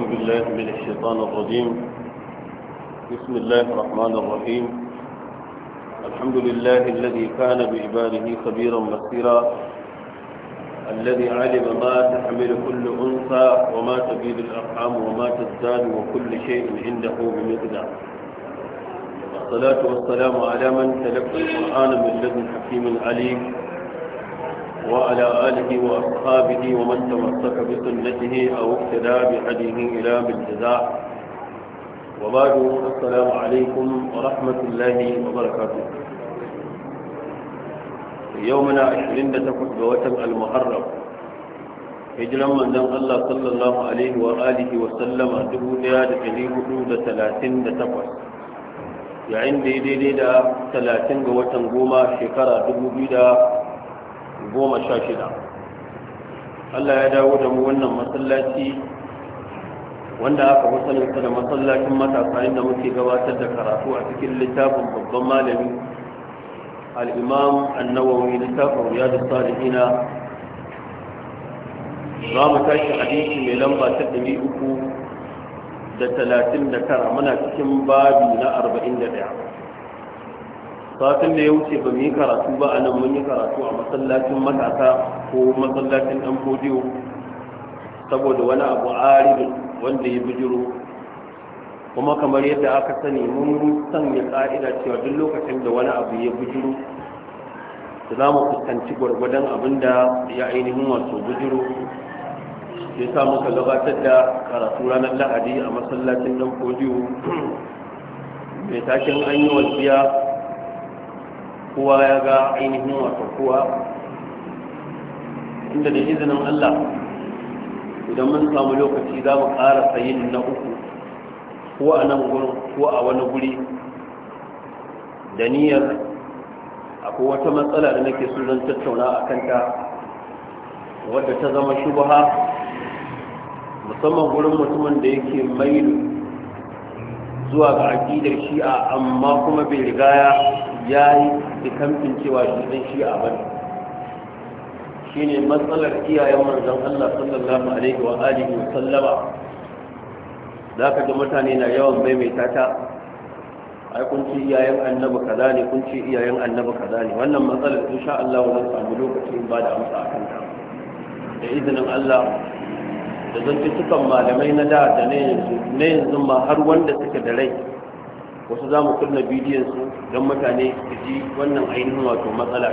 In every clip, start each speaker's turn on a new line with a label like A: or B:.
A: أعوذ بالله من الشيطان الرجيم بسم الله الرحمن الرحيم الحمد لله الذي كان بعباده خبيرا بصيرا الذي علم ما تحمل كل أنثى وما تبيد الأرحام وما تزداد وكل شيء عنده بمقدار والصلاة والسلام على من تلقى القرآن من لدن حكيم عليم وعلى آله وأصحابه ومن تمسك بسنته أو اقتدى بهديه إلى بالجزاء وبعد السلام عليكم ورحمة الله وبركاته يومنا عشرين تكون بوتم المحرم هجرا من دم الله صلى الله عليه وآله وسلم دبونا لكليه حدود ثلاثين تكون yayin daidai da talatin ga watan goma shekara dubu biyu da goma sha shida Allah ya dawo da mu wannan masallaci wanda aka saninsa da masallacin matasa inda muke gabatar da karatu a cikin littafin babban malami al'imam annawawi littafin riyadu ina? za mu tashi hadisi mai lamba ta ɗari uku da talatin da tara muna cikin babi na arba'in da ɗaya satin da ya wuce ba mu yi karatu ba a nan mun yi karatu a masallacin matasa ko masallacin ɗan fodiyo saboda wani abu aridin wanda ya bijiro kuma kamar yadda aka sani mun sanya ƙa'ida cewa duk lokacin da wani abu ya bijiro za mu fuskanci gwargwadon abin da ya ainihin wato bijiro ya sa muka gabatar da karatu ranar lahadi a masallacin ɗan fodiyo mai takin an yi wasiya kowa ya ga ainihin wato kowa inda da izinin Allah idan mun samu lokaci za mu ƙara sayin na uku ko a nan gurin ko a wani guri da niyyar akwai wata matsala da nake so zan tattauna a kanta wadda ta zama shubaha musamman gurin mutumin da yake mai zuwa ga aƙidar shi'a amma kuma bai rigaya ya yi dikamfin cewa shi ɗan shi'a ba shi ne matsalar iyayen manzon Allah sallallahu alaihi wa alihi wa sallama za ka ga mutane na yawan maimaita ta ai kun ce iyayen annabi kaza ne kun ce iyayen annabi kaza ne wannan matsalar insha Allah zan samu lokaci in ba da amsa a kanta. da izinin Allah da zantukan malamai na da da na yanzu ma har wanda suka da rai wasu za mu kunna bidiyonsu don mutane su ji wannan ainihin wato matsala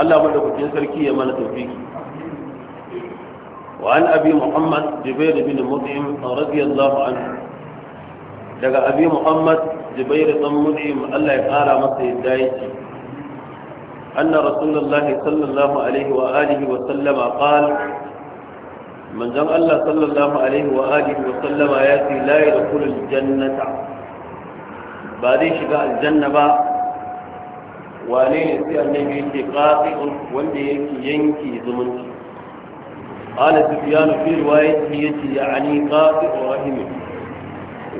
A: Allah madaukakin sarki ya mana tawfiki wa an abi muhammad jubair bin mut'im radiyallahu anhu daga abi muhammad jubair dan mut'im Allah ya kara masa yadda yake anna rasulullahi sallallahu alaihi wa alihi wa sallama qala manzon Allah sallallahu alaihi wa alihi wa sallama ya ce la yadkhulul jannata ba zai shiga aljanna ba wane ne sai annabi yake qati'un wanda yake yanki zumunci qala sufyan fi riwayati yace ya'ani qati'u rahimi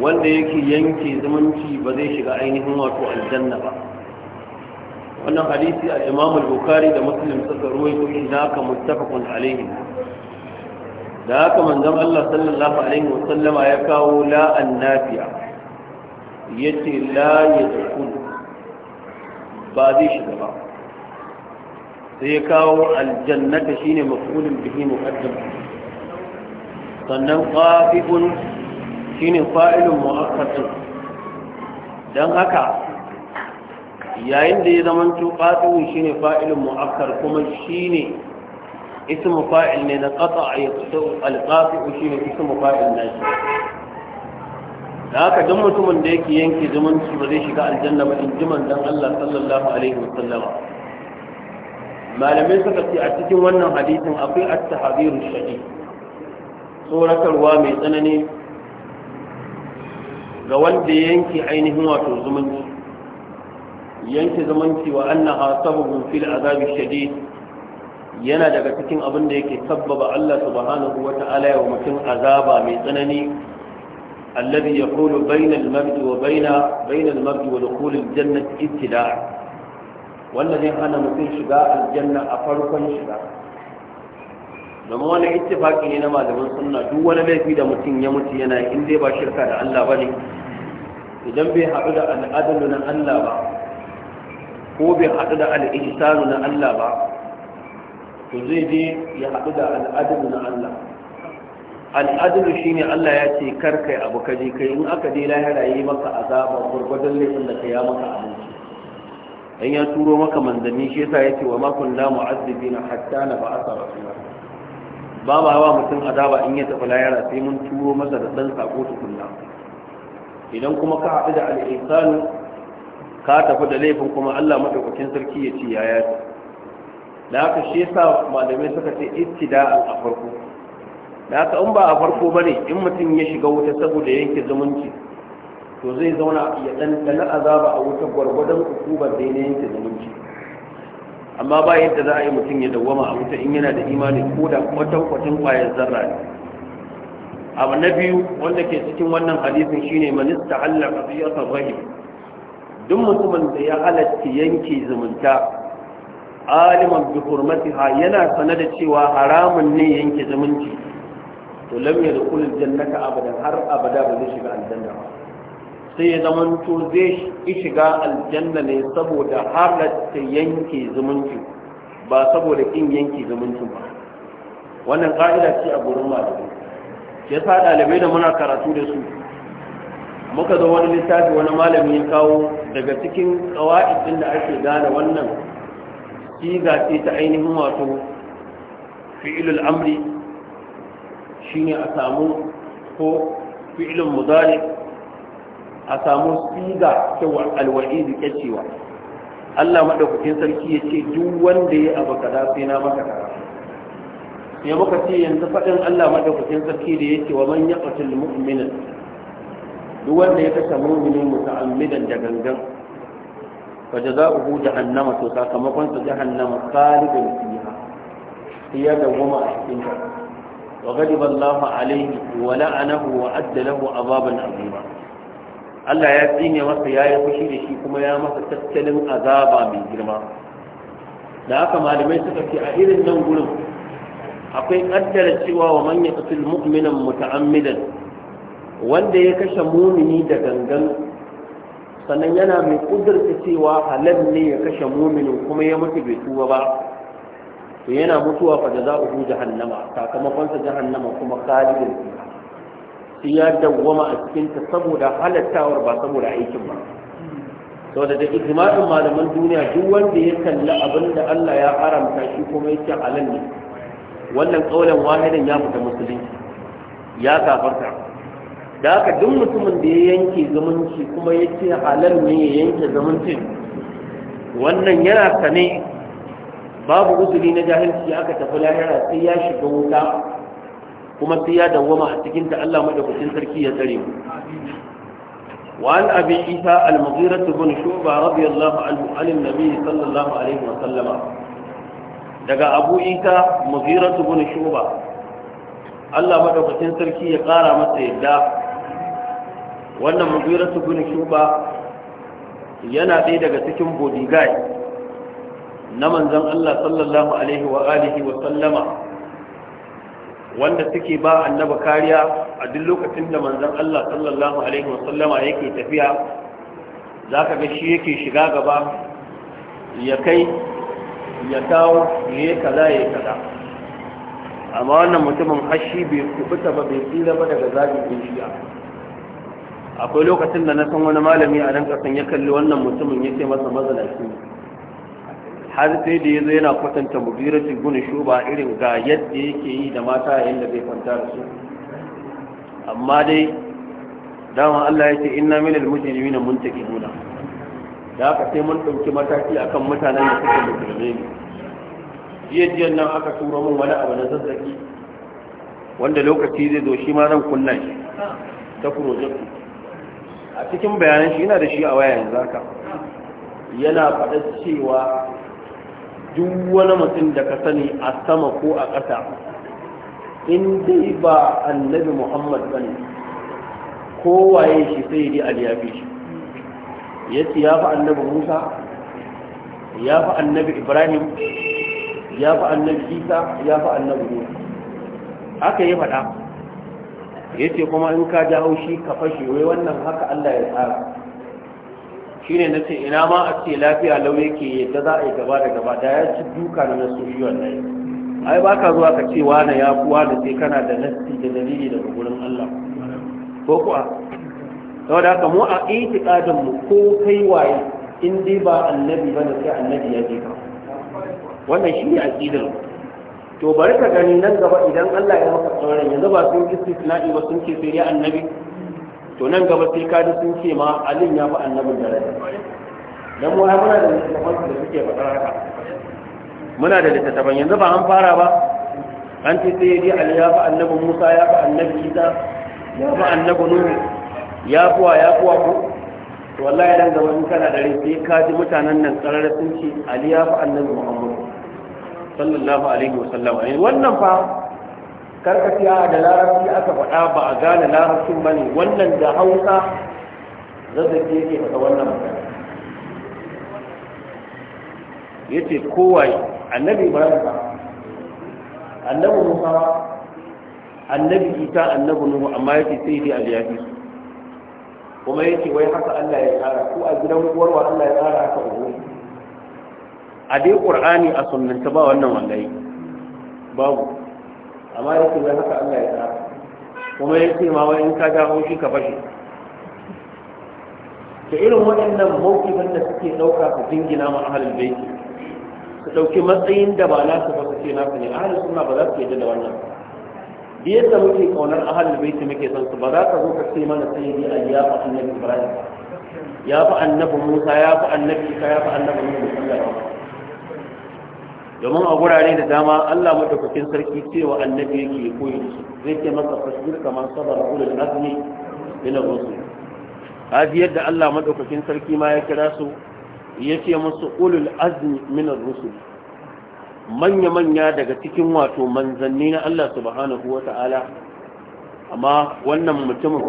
A: wanda yake yanke zumunci ba zai shiga ainihin wato aljanna ba wannan hadisi a imam al-bukhari da muslim suka ruwaito shi ka haka muttafaqun alaihi da haka manzon Allah sallallahu alaihi wa sallama ya kawo la annafiya yace la yadkhul ba zai shiga ba sai ya kawo aljannata shine maf'ulun bihi muqaddam sannan qafibun shine fa'ilun mu'akkad
B: dan haka
A: yayin da ya zamanto qafibun shine fa'ilun mu'akkar kuma shine ismu fa'il ne na qata ya kusa alqafi shi ne ismu na shi da haka duk mutumin da yake yanke zumunci ba zai shiga aljanna ba in ji Allah sallallahu alaihi wasallama malamai suka a cikin wannan hadisin akwai at-tahadiru shadi tsoratarwa mai tsanani ga wanda yanke ainihin wato yanke zumunci wa annaha sababun fila azabi shadi. yana daga cikin abin da yake sabbaba Allah subhanahu wa ta'ala wa mutum azaba mai tsanani alladhi yaqulu bayna al-mabdi wa bayna bayna al-mabdi wa dukhul al-jannati ibtida' wannan zai hana mutum shiga aljanna a farkon shiga domin wani ittifaki ne na malaman sunna duk wani laifi da mutum ya mutu yana in dai ba shirka da Allah bane idan bai haɗu da al'adalu na Allah ba ko bai haɗu da al'ihsanu na Allah ba to zai je ya haɗu da al'adabu na Allah shi ne Allah ya ce kar kai abu ka je kai in aka je lahira yi maka azaba gurgurdan laifin da ka ya maka abinci dan ya turo maka manzanni shi yasa yace wa ma kunna na hatta na ba'atha rasula ba ba wa mutum azaba in ya tafi lahira sai mun turo masa da dan sako tukunna idan kuma ka haɗu da al'insanu ka tafi da laifin kuma Allah madaukakin sarki ya ce ya yafi da haka shi yasa malamai suka ce ittida a farko da haka in ba a farko bane in mutum ya shiga wuta saboda yanke zumunci to zai zauna ya ɗanɗana azaba a wuta gwargwadon hukumar da ne yanke zumunci amma ba yadda za a yi mutum ya dawwama a wuta in yana da imani ko da kwatankwacin ƙwayar zarra ne abu na biyu wanda ke cikin wannan hadisin shine manista allah qadiyatar rahim duk mutumin da ya halatta yanke zumunta aliman bi hurmatiha yana sanar da cewa haramun ne yanke zumunci to lam yadkhul jannata abadan har abada ba zai shiga aljanna ba sai ya zaman to zai shiga aljanna ne saboda halatta yanke zumunci ba saboda kin yanke zumunci ba wannan ka'ida ce a gurin malamai ya sa ɗalibai da muna karatu da su muka zo wani littafi wani malami ya kawo daga cikin kawa'idin da ake gane wannan siga ce ta ainihin wato fi'ilul amri shi ne a samu ko fi'ilun mudari a samu siga cewa alwa'idi kyacewa Allah madaukakin sarki ya ce duk wanda ya abu kaza sai na maka kaza ya muka ce yanzu faɗin Allah madaukakin sarki da ya yake wa man yaqtul mu'minin duk wanda ya kashe mu'mini muta'ammidan da gangan fa jazaohu jahannama to sakamakon sa jahannama khalidan fiha iya da goma a cikin ta wa ghadiba Allahu alaihi wa la'anahu wa adda lahu azaban azima Allah ya tsine masa ya fushi da shi kuma ya masa tattalin azaba mai girma da haka malamai suka ce a irin nan gurin akwai kaddara cewa wa man yaqtul mu'minan muta'ammidan wanda ya kashe mumini da gangan sannan yana mai kudurta cewa halal ne ya kashe muminin kuma ya mutu bai tuba ba to yana mutuwa fa da za ku jahannama sakamakonsa jahannama kuma khalidin fiha ya dawwama a cikin ta saboda halattawar ba saboda aikin ba saboda da ijma'in malaman duniya duk wanda ya kalli abin da Allah ya haramta shi kuma yake halal ne wannan kaulan wahidan ya fita musulunci ya kafarta da haka duk mutumin da ya yanke zumunci kuma ya ce halal ne ya yanke zumuncin wannan yana sane babu uzuri na jahilci aka tafi lahira sai ya shiga wuta kuma sai ya dawwama a cikin ta Allah madaukakin sarki ya tsare mu وعن أبي عيسى المغيرة بن شعبة shuba. الله عنه عن النبي sallallahu alaihi wa sallama. Daga أبو عيسى مغيرة بن shuba. Allah madaukakin sarki ya ƙara masa yadda wannan mugwira su bin shuba yana ɗaya daga cikin Bodigai na manzan Allah sallallahu alaihi wa alihi wa sallama wanda suke ba annaba kariya a duk lokacin da manzan Allah sallallahu alaihi wa sallama yake tafiya za ka ga shi yake shiga gaba ya kai ya kawo ya kaza ya kaza amma wannan mutumin hashi bai kubuta ba bai tsira ba daga zagin shiya akwai lokacin da na san wani malami a nan kasan ya kalli wannan mutumin ya ce masa mazalaki har sai da ya zo yana kwatanta mubirati guni shuba irin ga yadda yake yi da mata yayin da zai kwanta da su amma dai dama Allah ya ce inna min al-mujrimina muntaqibuna da aka sai mun dauki mataki akan mutanen da suke mujrime ne jiya jiyan nan aka tura mun wani abu na zazzaki wanda lokaci zai zo shi ma zan kunna shi ta project a cikin bayanan shi yana da shi a waya yanzu yana faɗa cewa duk wani mutum da ka sani a sama ko a ƙasa in dai ba annabi muhammad bane kowaye shi sai dai aliyafi shi ya ce ya fi annabi musa ya fi annabi ibrahim ya fi annabi isa ya fi annabi musa aka yi faɗa Ya ce, kuma in ka ji haushi ka fashe wai wannan haka Allah ya tsara na nace ina ma a ce lafiya lau yake yadda za a yi gaba da gaba da ya ci duka na nasoshi wallahi ai ba ka zuwa ka ce wani ya kuwa da sai kana da nasti da dalili daga gurin Allah ko kuwa saboda haka mu a itiqadin mu ko kai waye in dai ba annabi ba sai annabi ya je ka wannan shine aqidar mu to bari ka gani nan gaba idan Allah ya maka tsoron yanzu ba sun istisna'i ba sun ce sai ya annabi to nan gaba sai ka sun ce ma alin ya fi annabin da rai dan mu ai muna da littattafan da suke faɗa haka muna da littattafan yanzu ba an fara ba an ce sai dai alin ya fi annabin Musa ya fi annabi Isa ya fi annabi Nuhu ya kuwa ya kuwa ku to wallahi dan gaba in kana da rai sai ka ji mutanen nan tsararra sun ce ali ya fi annabi Muhammad sallallahu alaihi wasallam ne eh, wannan fa karkaciya da larabci aka faɗa ba a gane larabcin ba ne wannan da hausa zazzage yake faɗa wannan magana ya ce kowai annabi ibrahim ba annabi musa annabi Ita, annabi nuhu amma ya ce sai dai aliyafi kuma ya ce wai haka allah ya tsara ko a gidan uwarwa allah ya tsara haka ubu a dai ƙur'ani a sunnanta ba wannan wallahi babu amma ya ce wai haka Allah ya tsara kuma ya ce ma wai in ka ja haushi ka fashe to irin waɗannan mawkifin da suke ɗauka su jingina ma ahalul baiti su ɗauki matsayin da ba nasu ba su ce nasu ne ahalul suna ba za su yi da wannan da yadda muke ƙaunar ahalul baiti muke son su ba za ka zo ka ce mana sai dai a ya fa annabi Ibrahim ya fi annabi Musa ya fi annabi Isa ya fi annabi Musa. domin a gurare da dama Allah madaukakin sarki cewa annabi yake koyi zai ce masa fasbir kamar sabar ulul azmi min ar-rusul hadi yadda Allah madaukakin sarki ma ya kira su yace musu ulul azmi min ar-rusul manya manya daga cikin wato manzanni na Allah subhanahu wata'ala amma wannan mutumin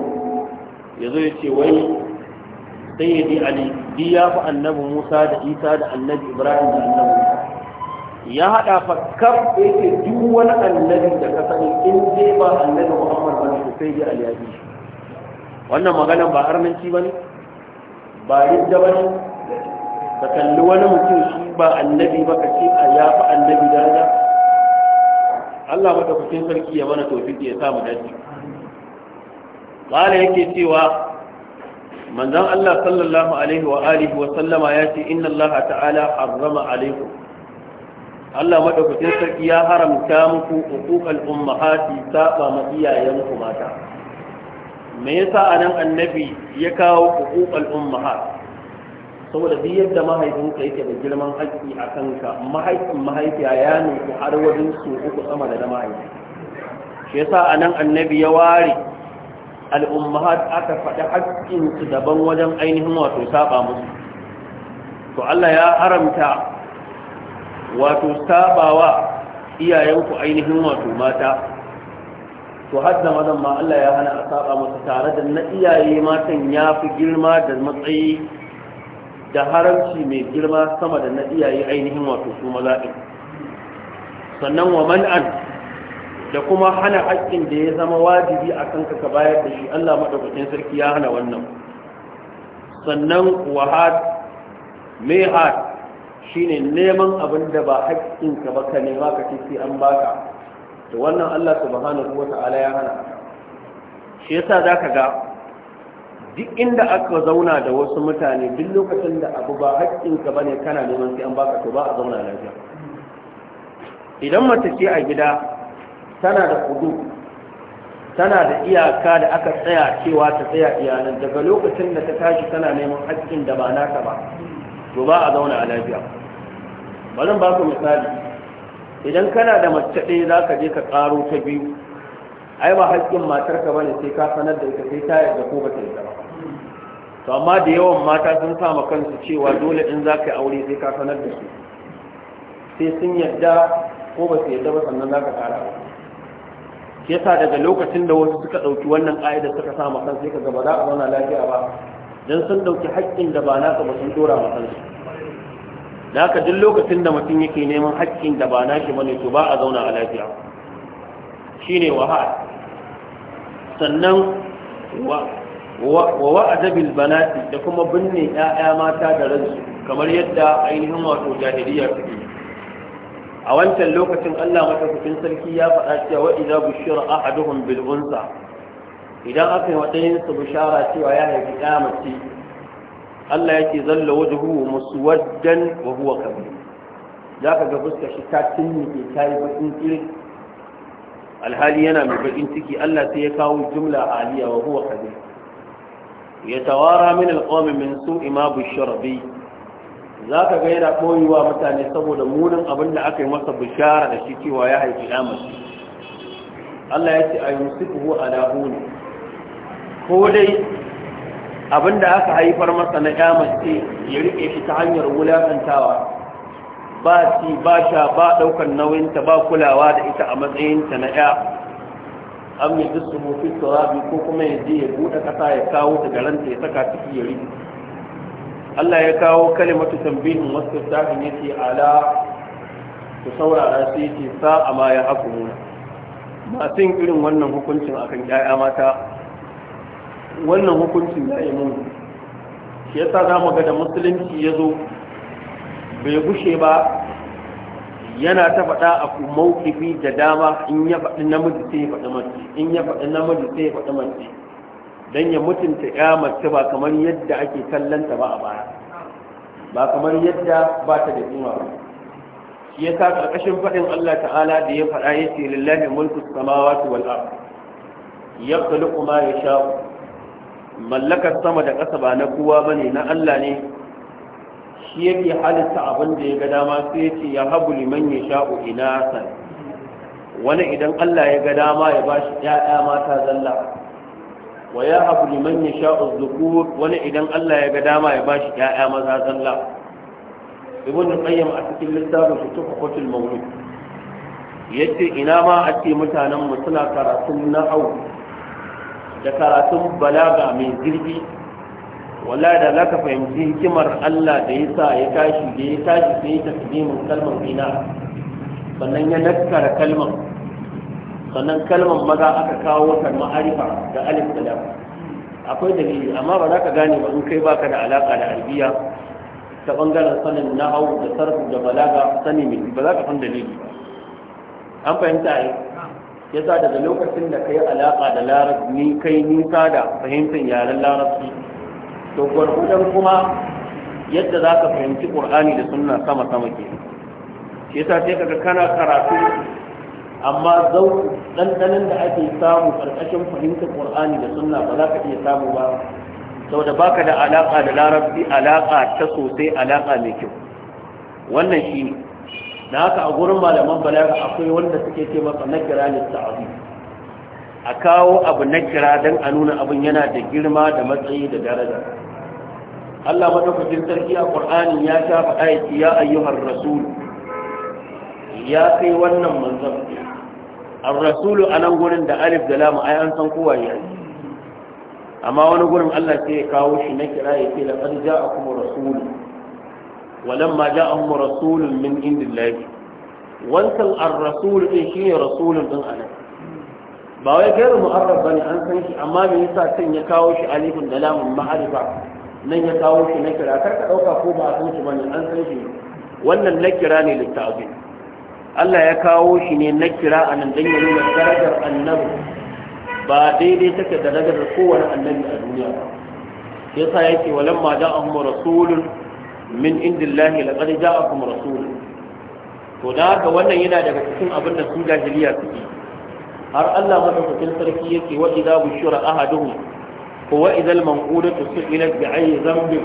A: yazo yace wai sayyidi ali bi ya fa annabi Musa da Isa da annabi Ibrahim da annabi ya haɗa fakar da yake duk wani annabi da ka sani in zai ba annabi muhammad ba ne to sai dai aliyabi wannan maganan ba harnanci ba ne ba yadda ba ne ka kalli wani mutum shi ba annabi ba ka ce a ya annabi daraja Allah madaukakin sarki ya mana tofiki ya samu dace qala yake cewa manzon Allah sallallahu alaihi wa alihi wa sallama ya ce inna Allah ta'ala harrama alaikum Allah madaukakin sarki ya haramta muku uquqal ummahati saba ma iyayenku mata me yasa anan annabi ya kawo uquqal ummahat saboda duk yadda mahaifinka yake da girman haƙƙi a kanka mahaifin mahaifiya ya nufi har wajen su uku sama da na mahaifi shi yasa anan annabi ya ware al'ummahat aka faɗi haƙƙinsu daban wajen ainihin wato saba musu to Allah ya haramta wato sabawa iyayenku ainihin wato mata to hadda mazan ma Allah ya hana a saba masa tare da na iyaye matan ya fi girma da matsayi da haramci mai girma sama da na iyaye ainihin wato su maza ɗin sannan wa man'an da kuma hana haƙƙin da ya zama wajibi a kanka ka bayar da shi Allah maɗaukakin sarki ya hana wannan sannan wahad mehad shine neman abin da ba haƙƙinka ba ka nema ka ce sai an baka da wannan Allah subhanahu wata'ala ya hana shi yasa zaka ga duk inda aka zauna da wasu mutane duk lokacin da abu ba haƙƙinka bane kana neman sai an baka to ba a zauna lafiya idan mace ce a gida tana da kudu tana da iyaka da aka tsaya cewa ta tsaya iyalan daga lokacin da ta tashi tana neman haƙƙin da ba naka ba to ba a zauna a lafiya bari ba ku misali idan kana da mace ɗaya za ka je ka ƙaro ta biyu ai ba haƙƙin ka bane sai ka sanar da ita sai ta yarda ko ba ta yarda ba to amma da yawan mata sun sama kansu cewa dole in za ka yi aure sai ka sanar da su sai sun yarda ko ba su yarda ba sannan za ka ƙara ba yasa daga lokacin da wasu suka ɗauki wannan ƙa'idar suka sa kansu sai ka gaba za a zauna lafiya ba don sun ɗauki haƙƙin da ba naka ba sun dora wa kansu da haka duk lokacin da mutum yake neman haƙƙin da ba naki bane to ba a zauna a lafiya shine wahal sannan wa adabil banati da kuma binne 'ya'ya mata da ransu kamar yadda ainihin wato jahiliya suke a wancan lokacin Allah madaukakin sarki ya faɗa cewa idza bushira ahaduhum bil unsa idan aka yi matsayin su bishara cewa ya haifi ya mace Allah yake zalla musu wajen wa huwa kabi. Za ka ga fuskar shi ta tinnike ta yi bakin kiri alhali yana mai bakin ciki Allah sai ya kawo jumla a aliya wa huwa Ya tawara min alqawmi min su'i ma bushara Za ka ga yana koyewa mutane saboda munin abin da aka yi masa bishara da shi cewa ya haifi ya mace Allah ya ce ayyusifuhu ala huni ko dai abinda aka haifar masa na kyamace ya rike shi ta hanyar wulakantawa ba ci ba sha ba daukar nauyinta ba kulawa da ita a matsayinta na ya an yi dusu mafi turabi ko kuma ya je ya buɗe ƙasa ya kawo ta garanta ya saka ciki ya rike Allah ya kawo kalimatu tambihin wasu tsarin yake ala ku saurara sai ce sa'a ma ya haku masu yin irin wannan hukuncin akan ƴaƴa mata wannan hukuncin ya yi mun shi yasa za mu ga da musulunci ya zo bai gushe ba yana ta faɗa a mawkifi da dama in ya faɗi namiji sai ya faɗi mace in ya faɗi namiji sai ya faɗi mace don ya mutunta ya mace ba kamar yadda ake kallanta ba a baya ba kamar yadda ba ta da kima ba shi ya sa ƙarƙashin faɗin Allah ta'ala da ya faɗa ya ce lillahi mulku samawati wal ard yakhluqu ma yasha'u mallakar sama da ƙasa ba na kowa ba ne na Allah ne shi yake halitta abin da ya ga dama sai ya ce ya habu liman ya sha'u inasa wani idan Allah ya ga dama ya bashi ƴaƴa mata zalla wa ya habu liman ya sha'u zukur wani idan Allah ya ga dama ya bashi ƴaƴa maza zalla ibn qayyim a cikin littafin shi tuhfatul mawlud yace ina ma ake mutanen mu suna karatun na'au da karatun balaga mai zirgi wala da za ka fahimci hikimar Allah da ya sa ya tashi da ya tashi sai ya neman kalmar ina sannan ya nakkara kalmar sannan kalmar maza aka kawo ta ma'arifa da alif da akwai dalili amma ba za ka gane ba in kai baka da alaka da albiya ta bangaren sanin na'au da sarfu da balaga sani mai ba za ka san dalili ba an fahimta yasa daga lokacin da kai alaka da larabci ni kai nisa da fahimtar yaren larabci to gwargwadon kuma yadda za ka fahimci ƙur'ani da suna sama sama ke yasa sai kaga kana karatu amma zau ɗanɗanin da ake samu ƙarƙashin fahimtar ƙur'ani da sunna ba za ka iya samu ba saboda baka da alaka da larabci alaka ta sosai alaka mai kyau wannan shi ne da haka a gurin malaman balaga akwai wanda suke ce masa nakira litta'abi a kawo abu nakira don a nuna abin yana da girma da matsayi da daraja Allah madaukakin sarki a Qur'ani ya ta faɗa ya ya ayyuhar rasul ya kai wannan manzon ar-rasulu anan gurin da alif da lam ai an san kowa ya amma wani gurin Allah sai ya kawo shi nakira ya ce laqad ja'akum rasulun walamma ja'ahum rasulun min indillahi wancan ar-rasul din shine rasulun din anan ba wai gairu mu'arraf ne an san shi amma me yasa can ya kawo shi alifun da lamun ma'arifa nan ya kawo shi na kira kar ka dauka ko ba a san shi bane an san shi wannan na kira ne littafin Allah ya kawo shi ne na kira a nan dan ya nuna darajar annabi ba daidai take da darajar kowane annabi a duniya ba yasa yake walamma ja'ahum rasulun min indillahi laqad ja'akum rasul to da haka wannan yana daga cikin abin da su jahiliya suke har Allah madaukakin sarki yake wa idza bushira ahaduhum ko wa idza al-manqudatu su'ilat bi ayyi dhanbin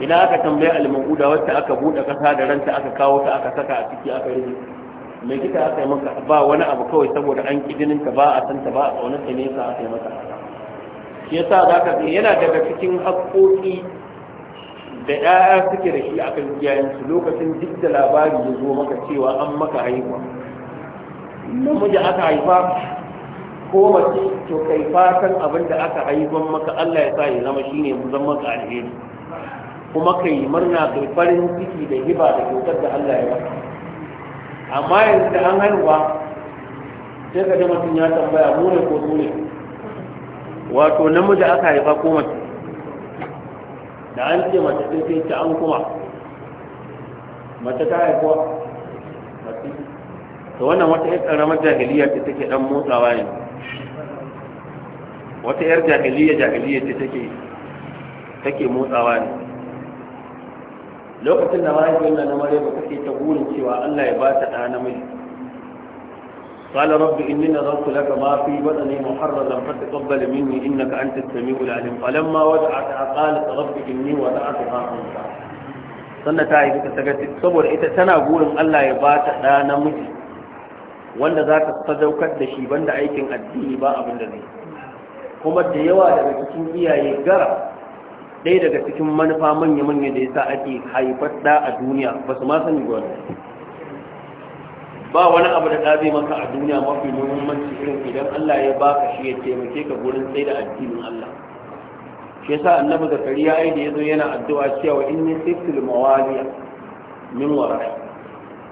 A: idan aka tambaye al-manquda wacce aka bude kasa da ranta aka kawo ta aka saka a ciki aka rufe me kika aka yi maka ba wani abu kawai saboda an kidinin ta ba a san ta ba a kaunar ta ne ka aka yi maka shi yasa zaka yana daga cikin haƙoƙi da ‘ya'ya suke da shi a kan iyayensu lokacin duk da labari ya zo maka cewa an maka haihuwa namiji aka haifa ko mace to kai fatan abin da aka haifan maka Allah ya sa ya zama shine mu zama ka alheri kuma kai murna da farin ciki da hiba da kyautar da Allah ya baka amma yanzu da an haihuwa sai ka ji mutum ya tambaya mu ne ko mu ne wato namiji aka haifa ko mace da an ce mace sai sai ta an kuma mace ta haifuwa ta wannan wata yar karamar jahiliya ce take dan motsawa ne wata yar jahiliya jahiliya ce take take motsawa ne lokacin da mahaifiyar na na ba take ta burin cewa Allah ya ba ta ɗa namiji قال رب إني نظرت لك ما في بطني محررا فتقبل مني إنك أنت السميع العليم فلما وضعتها قالت رب إني وضعتها أنثى sannan ta haifi ta gaci saboda ita tana burin Allah ya ba ta ɗa namiji wanda za ta sadaukar da shi banda aikin addini ba abin da zai kuma da yawa daga cikin iyaye gara ɗaya daga cikin manufa manya-manya da ya sa ake haifar ɗa a duniya ba su ma sani gwamnati ba wani abu da ɗabi maka a duniya mafi muhimmanci irin idan Allah ya baka shi ya taimake ka gurin tsaye da addinin Allah shi yasa annabi zakariya ai da yazo yana addu'a cewa inni siftul mawaliya min wara'i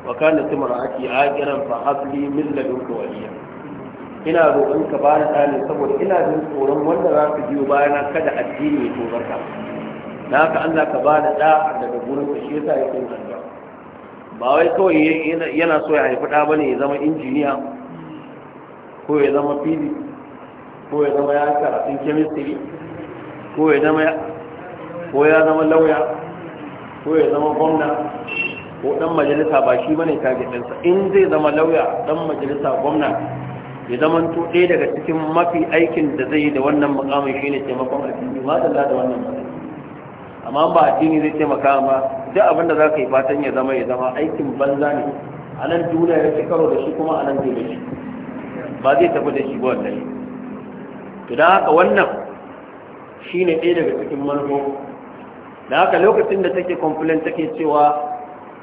A: wa kana timra'ati aqiran fa habli min ladunka waliya ina roƙon ka bani tsani saboda ina jin tsoron wanda za ka biyo bayana kada addini ya tsorata na haka Allah ka ba da daga gurin ka shi yasa yake addu'a ba wai kawai yana so ya haifi ɗa ne ya zama injiniya ko ya zama fili ko ya zama ya karatun kemistiri ko ya zama ko ya zama lauya ko ya zama gwamna ko ɗan majalisa ba shi bane target ɗinsa in zai zama lauya ɗan majalisa gwamna ya zama to ɗaya daga cikin mafi aikin da zai yi da wannan shi ne taimakon addini ma da wannan mukamin amma ba addini zai taimaka ba duk abin da za ka yi fatan ya zama ya zama aikin banza ne a nan duniya ya ci karo da shi kuma a nan zai da shi ba zai tafi da shi ba wannan to da haka wannan shine ɗaya daga cikin manufo da haka lokacin da take complain take cewa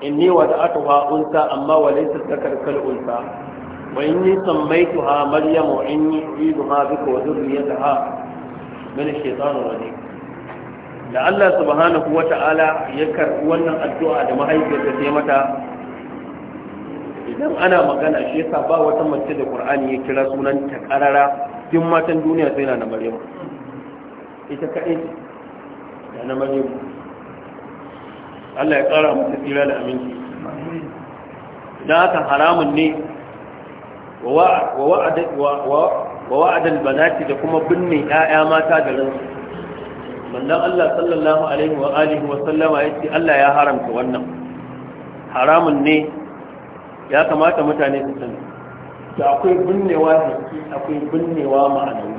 A: inni wa da aka ba unsa amma wa laysa zakar kal unsa wa inni sammaytuha maryam wa inni uiduha bika wa dhurriyyataha min ash-shaytanir rajim da Allah subhanahu wa ta'ala ya karɓi wannan addu'a da mahaifiyarsa ta mata idan ana magana shi yasa ba wata mace da ƙur'ani ya kira sunan ta ƙarara, duk matan duniya sai na Maryam ita kaɗai da na Maryam Allah ya ƙara mata tsira da aminci Na haka haramun ne wa wa'adal banati da kuma binne 'ya'ya mata da ransu manzon Allah sallallahu alaihi wa alihi wa sallama ya ce Allah ya haramta wannan haramun ne ya kamata mutane su sani da akwai binnewa hissi akwai binnewa ma'anawi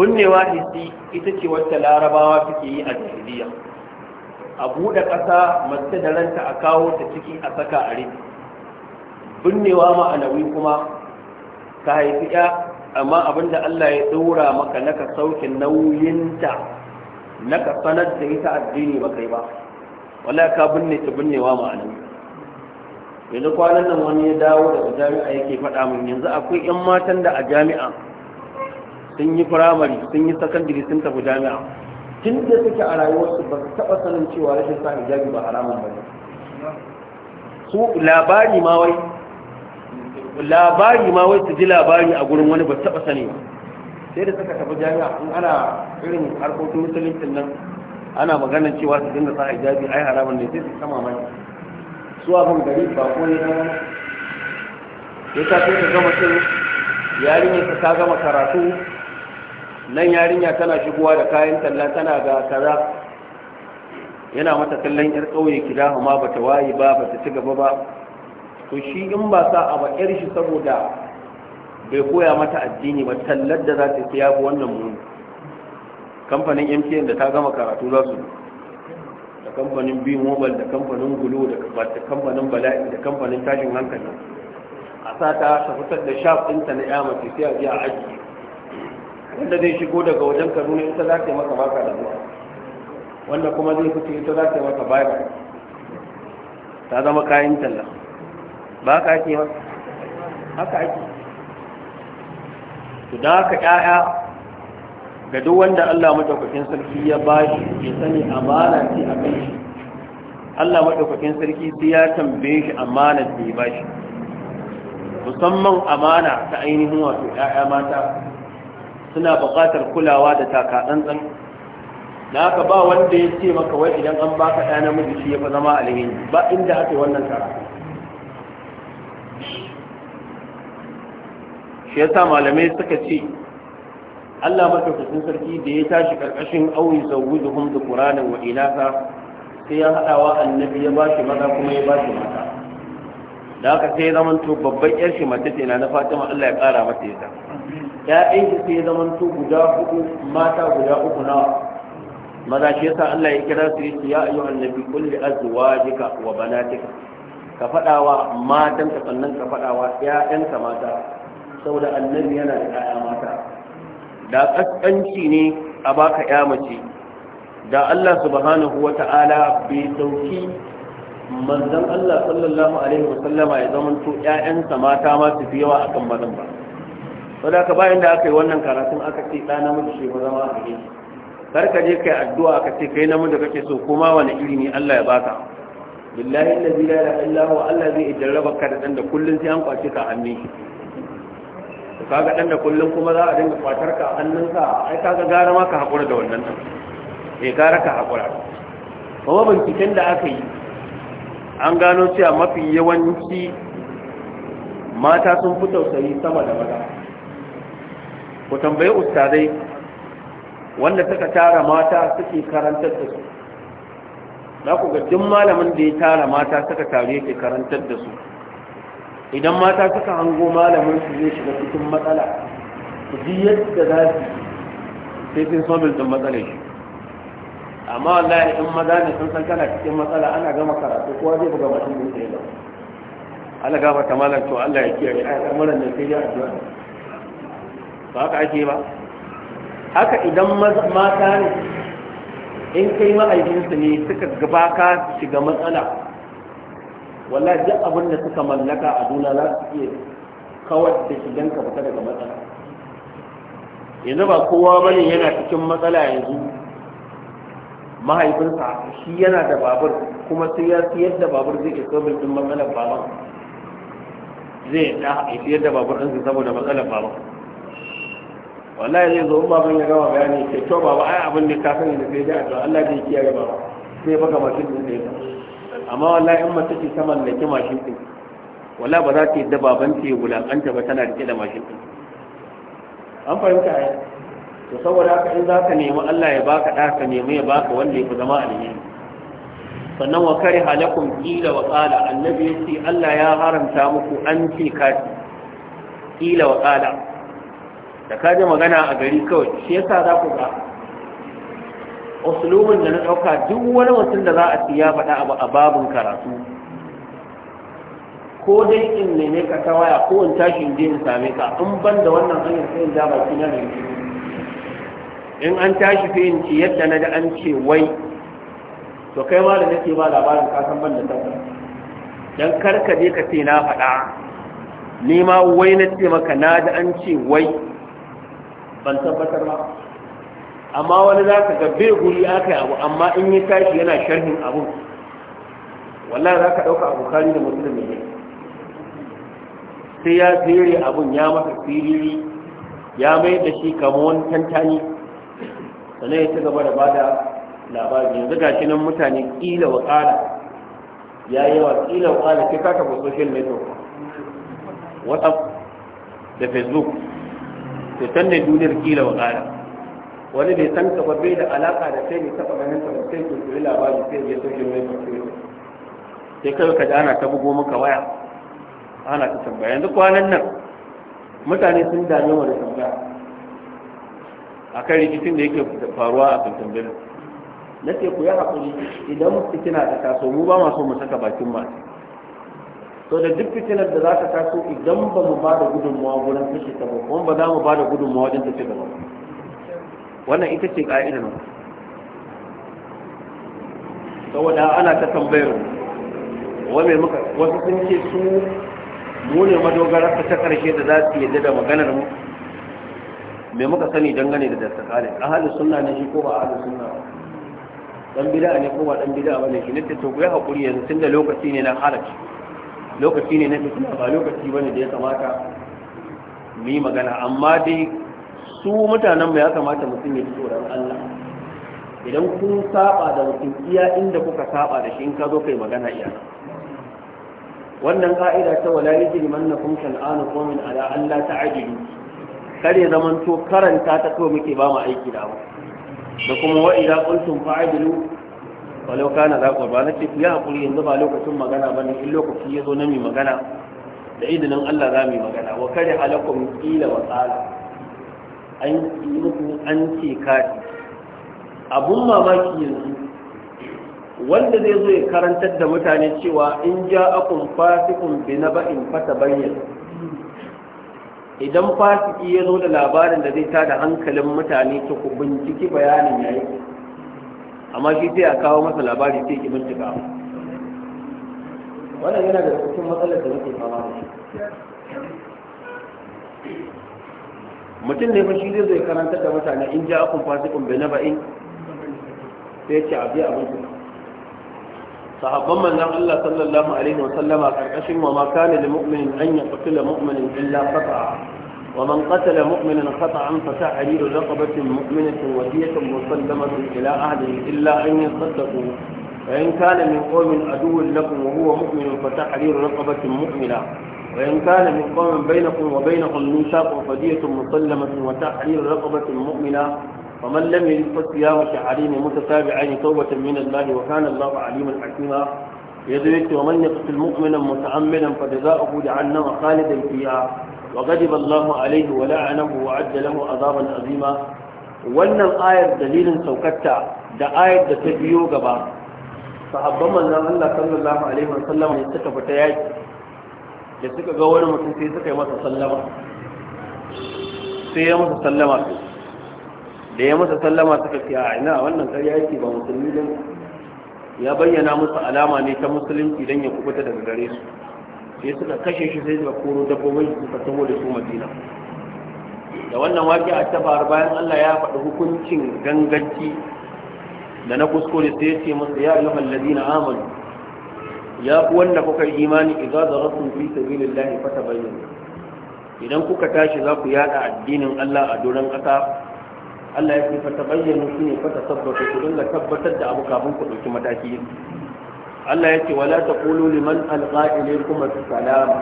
A: binnewa hissi ita ce wata larabawa suke yi a jahiliya a buɗe ƙasa mace da ranta a kawo ta ciki a saka a rufe binnewa ma'anawi kuma ka haifi ya amma abinda Allah ya dora maka naka sauke nauyinta naka sanar da ita addini ba kai ba wala ka binne ta binnewa ma'ana yanzu kwanan nan wani ya dawo daga jami'a yake faɗa min yanzu akwai yan matan da a jami'a sun yi firamare sun yi sakandare sun tafi jami'a tun da suke a rayuwarsu ba su taɓa sanin cewa rashin sa hijabi ba haramun ba ne su labari ma wai labari ma wai su ji labari a gurin wani ba taɓa sani ba sai da suka tafi jami'a in ana irin harkokin musulunci nan ana magana cewa su dinga sa hijabi ai haramun ne sai su kama mai su abin gari ba ko ne ya ta sai ka gama Yarinya yarinyar ta gama karatu nan yarinya tana shigowa da kayan talla tana ga kaza yana mata kallon yar kauye kida ma bata waye ba bata ci gaba ba to shi in ba sa a bakar shi saboda bai koya mata addini ba tallar da za ta fiya fi wannan muni kamfanin mtn da ta gama karatu za su da kamfanin b mobile da kamfanin gulu da kamfanin bala'i da kamfanin tashin hankali a sa ta shafutar da shaf ɗinta na yamma ce sai a biya aji wanda zai shigo daga wajen kaduna ita za ta yi maka baka da zuwa wanda kuma zai fito ita za ta yi maka baya ta zama kayan talla ba ka ake ba haka ake to da haka ƴaƴa ga duk wanda Allah madaukakin sarki ya ba shi ya sani amana ce a kan shi Allah madaukakin sarki sai ya tambaye shi amana da ya ba shi musamman amana ta ainihin wato ƴaƴa mata suna buƙatar kulawa da taka tsantsan na haka ba wanda ya ce maka wai idan an baka ɗaya namiji shi ya fa zama alheri ba inda aka yi wannan tara. shi ya sa malamai suka ce Allah madaukakin sarki da ya tashi ƙarƙashin auyi zawujuhum da ƙuranin wa inasa sai ya hadawa annabi ya ba shi maza kuma ya ba shi mata da haka sai ya to babban yar shi mace ce na na Fatima Allah ya ƙara mata yasa ya'yan shi sai ya to guda hudu mata guda uku na maza shi ya sa Allah ya kira su ya ayyuhan nabi kulli azwajika wa banatika ka faɗawa matanka sannan ka faɗawa ‘ya'yanka mata saboda annabi yana da ‘ya'ya mata da ƙasƙanci ne a baka ‘ya mace da Allah subhanahu wa ta'ala bai sauki manzan Allah sallallahu alaihi wa sallama ya to ‘ya'yansa mata ma su fi yawa akan mazan ba saboda ka bayan da aka yi wannan karatun aka ce ɗa namiji shi ba zama a gare kar ka je kai addu'a ka ce kai namiji kake so kuma wani iri ne Allah ya baka billahi allazi la ilaha illa huwa Allah zai jarraba ka da dan da kullun sai an kwace ka hannu to kaga dan da kullun kuma za a dinga kwatar ka hannunka ai kaga gara ma ka hakura da wannan nan eh gara ka hakura kuma binciken da aka yi an gano cewa mafi yawanci mata sun fi tausayi sama da maza ku tambayi ustazai wanda suka tara mata suke karantar da su za ku ga duk malamin da ya tara mata suka tare ke karantar da su idan mata suka hango malamin su zai shiga cikin matsala ku ji yadda za su sai sun sobil din matsala shi amma wallahi in maza ne sun san kana cikin matsala ana gama karatu kowa zai buga mutum ne sai ala gama ta malam to Allah ya kiyaye ai al'amuran ne sai ya addu'a ba ka ake ba haka idan mata ne in kai ma'aikinsu ne suka gaba ka shiga matsala wallahi duk abin da suka mallaka a duna za su iya kawar da shigan ka fita daga matsala yanzu ba kowa bane yana cikin matsala yanzu mahaifinsa shi yana da babur kuma sai ya siyar da babur zai ke sobin din matsalar baban zai da siyar da babur ɗinsa saboda matsalar baban wallahi zai zo baban ya gama bayani ke to baba ai abin da ka sani da sai da to Allah da yake ya baba sai baka mashin din da amma wallahi in mace ce ta mallaki mashin din wala ba za ta yadda baban ta ya wulakanta ba tana rike da mashin din an fahimta ai to saboda haka in za ka nemi Allah ya baka da ka nemi ya baka wanda ya fi zama alheri sannan wa kare halakum kila wa qala annabi yace Allah ya haramta muku an ce kati kila wa qala da ka ji magana a gari kawai shi yasa za ku ga usulubin da na ɗauka duk wani mutum da za a ci ya faɗa abu a babin karatu ko dai in neme ka ta waya ko in tashi in je in same ka in ban da wannan hanyar sai in ja baki na ne in an tashi sai in ci yadda na ga an ce wai to kai ma da nake ba labarin kasan ban da ta dan karka je ka ce na faɗa ni ma wai na ce maka na ji an ce wai ban tabbatar ba amma wani za ka ga guri aka yi abu amma in yi tashi yana sharhin abu wallahi za ka ɗauka abu kari da musulmi ne sai ya tsere abun ya masa firiri ya mai da shi kama wani tantani sannan ya ci gaba da ba da labari yanzu ga shi nan mutane ƙila wa ya yi wa ƙila wa ƙala sai ka social network whatsapp da facebook to can ne duniyar kila wa ƙara wani bai san ka bai da alaka da sai ne taɓa ganin ka sai ku yi labari sai ya soke mai fasiri sai kai ka ana ta bugo maka waya ana ta tambaya yanzu kwanan nan mutane sun dame mu da tambaya akan rikicin da yake faruwa a kan tambayar na ce ku yi haƙuri idan mutu kina da taso mu ba ma so mu saka bakin masu to da duk fitinar da za ta taso idan ba mu ba da gudunmawa wurin kashe ta ba kuma ba za mu ba da gudunmawa wajen tafi gaba wannan ita ce ƙa'idar saboda ana ta tambayar wame muka wasu sun ce su mu ne madogara ta karshe da za su yadda da maganar mu me muka sani dangane da kare ahalin sunna ne shi ko ba ahalin sunna ba dan bid'a ne ko ba dan bid'a bane shi ne to ku yi hakuri yanzu tunda lokaci ne na halacci lokaci ne na fitina ba lokaci bane da ya kamata mu yi magana amma dai su mutanen mu ya kamata mutum ya tsoron Allah idan kun saba da mutum inda kuka saba da shi in ka zo kai magana iya wannan ka'ida ta wala yajri mannakum Anu, qawmin ala alla ta'dilu kare zaman to karanta ta to muke ba mu aiki da ba da kuma wa idza qultum walau kana za ku ba na ce ku yi haƙuri yanzu ba lokacin magana ba ne in lokaci ya zo na mai magana da izinin Allah za mu yi magana wa kare halakum kila wa tsala an yi muku an ce kati abun mamaki yanzu wanda zai zo ya karantar da mutane cewa in ja akun fasikun bi na ba'in fata bayyana idan fasiki ya zo da labarin da zai tada hankalin mutane to ku binciki bayanin yayi amma shi sai a kawo masa labari sai ki bincika wannan yana da cikin matsalar da muke fama da shi mutum ne fa shi zai zai karanta da mutane in ja akun fasikun bai na ba'in sai ya ce a biya abin sahabban manzon Allah sallallahu alaihi wa sallama karkashin wa ma kana lil mu'minin an yaqtula mu'minin illa qata'a ومن قتل مؤمنا خطأ فتحرير رقبة مؤمنة ودية مسلمة إلى أهله إلا أن يصدقوا فإن كان من قوم عدو لكم وهو مؤمن فتحرير رقبة مؤمنة وإن كان من قوم بينكم وبينهم ميثاق فدية مسلمة وتحرير رقبة مؤمنة ومن لم يجد فصيام شهرين متتابعين توبة من الله وكان الله عليما حكيما يدرك ومن يقتل مؤمنا متعمدا فجزاؤه جعلنا خالدا فيها وغضب الله عليه ولعنه وعد له عذابا عظيما wannan ayar dalilin saukatta da ayar da ta biyo gaba sahabban manzon Allah sallallahu alaihi wasallam ne suka fita yaki da suka ga wani mutum sai suka yi masa sallama sai ya masa sallama da ya masa sallama suka ce a ina wannan ƙarya yake ba musulmi din ya bayyana musu alama ne ta musulunci don ya kubuta daga gare su sai suka kashe shi sai suka koro dabbobin suka taho da su madina da wannan waƙi a tabar bayan Allah ya faɗi hukuncin ganganci da na kuskure sai ya ce masa ya ayyuha alladhina amanu ya fi wanda kuka imani idza zaratum fi sabilillahi bayyana. idan kuka tashi za ku yada addinin Allah a doron ƙasa Allah ya ce ne shine fatasabbatu ku dinga tabbatar da abu kafin ku ɗauki mataki Allah ya ce wala ta ƙulu liman alƙa'ile kuma su salama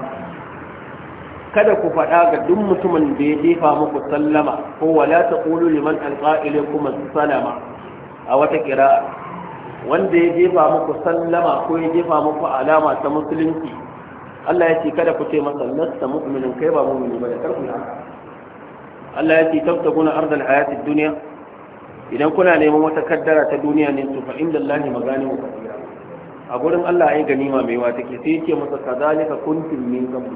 A: kada ku faɗa ga duk mutumin da ya jefa muku sallama ko wala ta ƙulu liman alƙa'ile kuma su salama a wata kira wanda ya jefa muku sallama ko ya jefa muku alama ta musulunci Allah ya ce kada ku ce masa lasta mu'minin kai ba mu'mini ba da karku haka Allah ya ce tabtaguna ardal hayatid duniya idan kuna neman wata kaddara ta duniya ne to fa inda Allah magani mu kasira a gurin Allah ai ganima mai wa take sai yake masa kazalika kuntum min qabl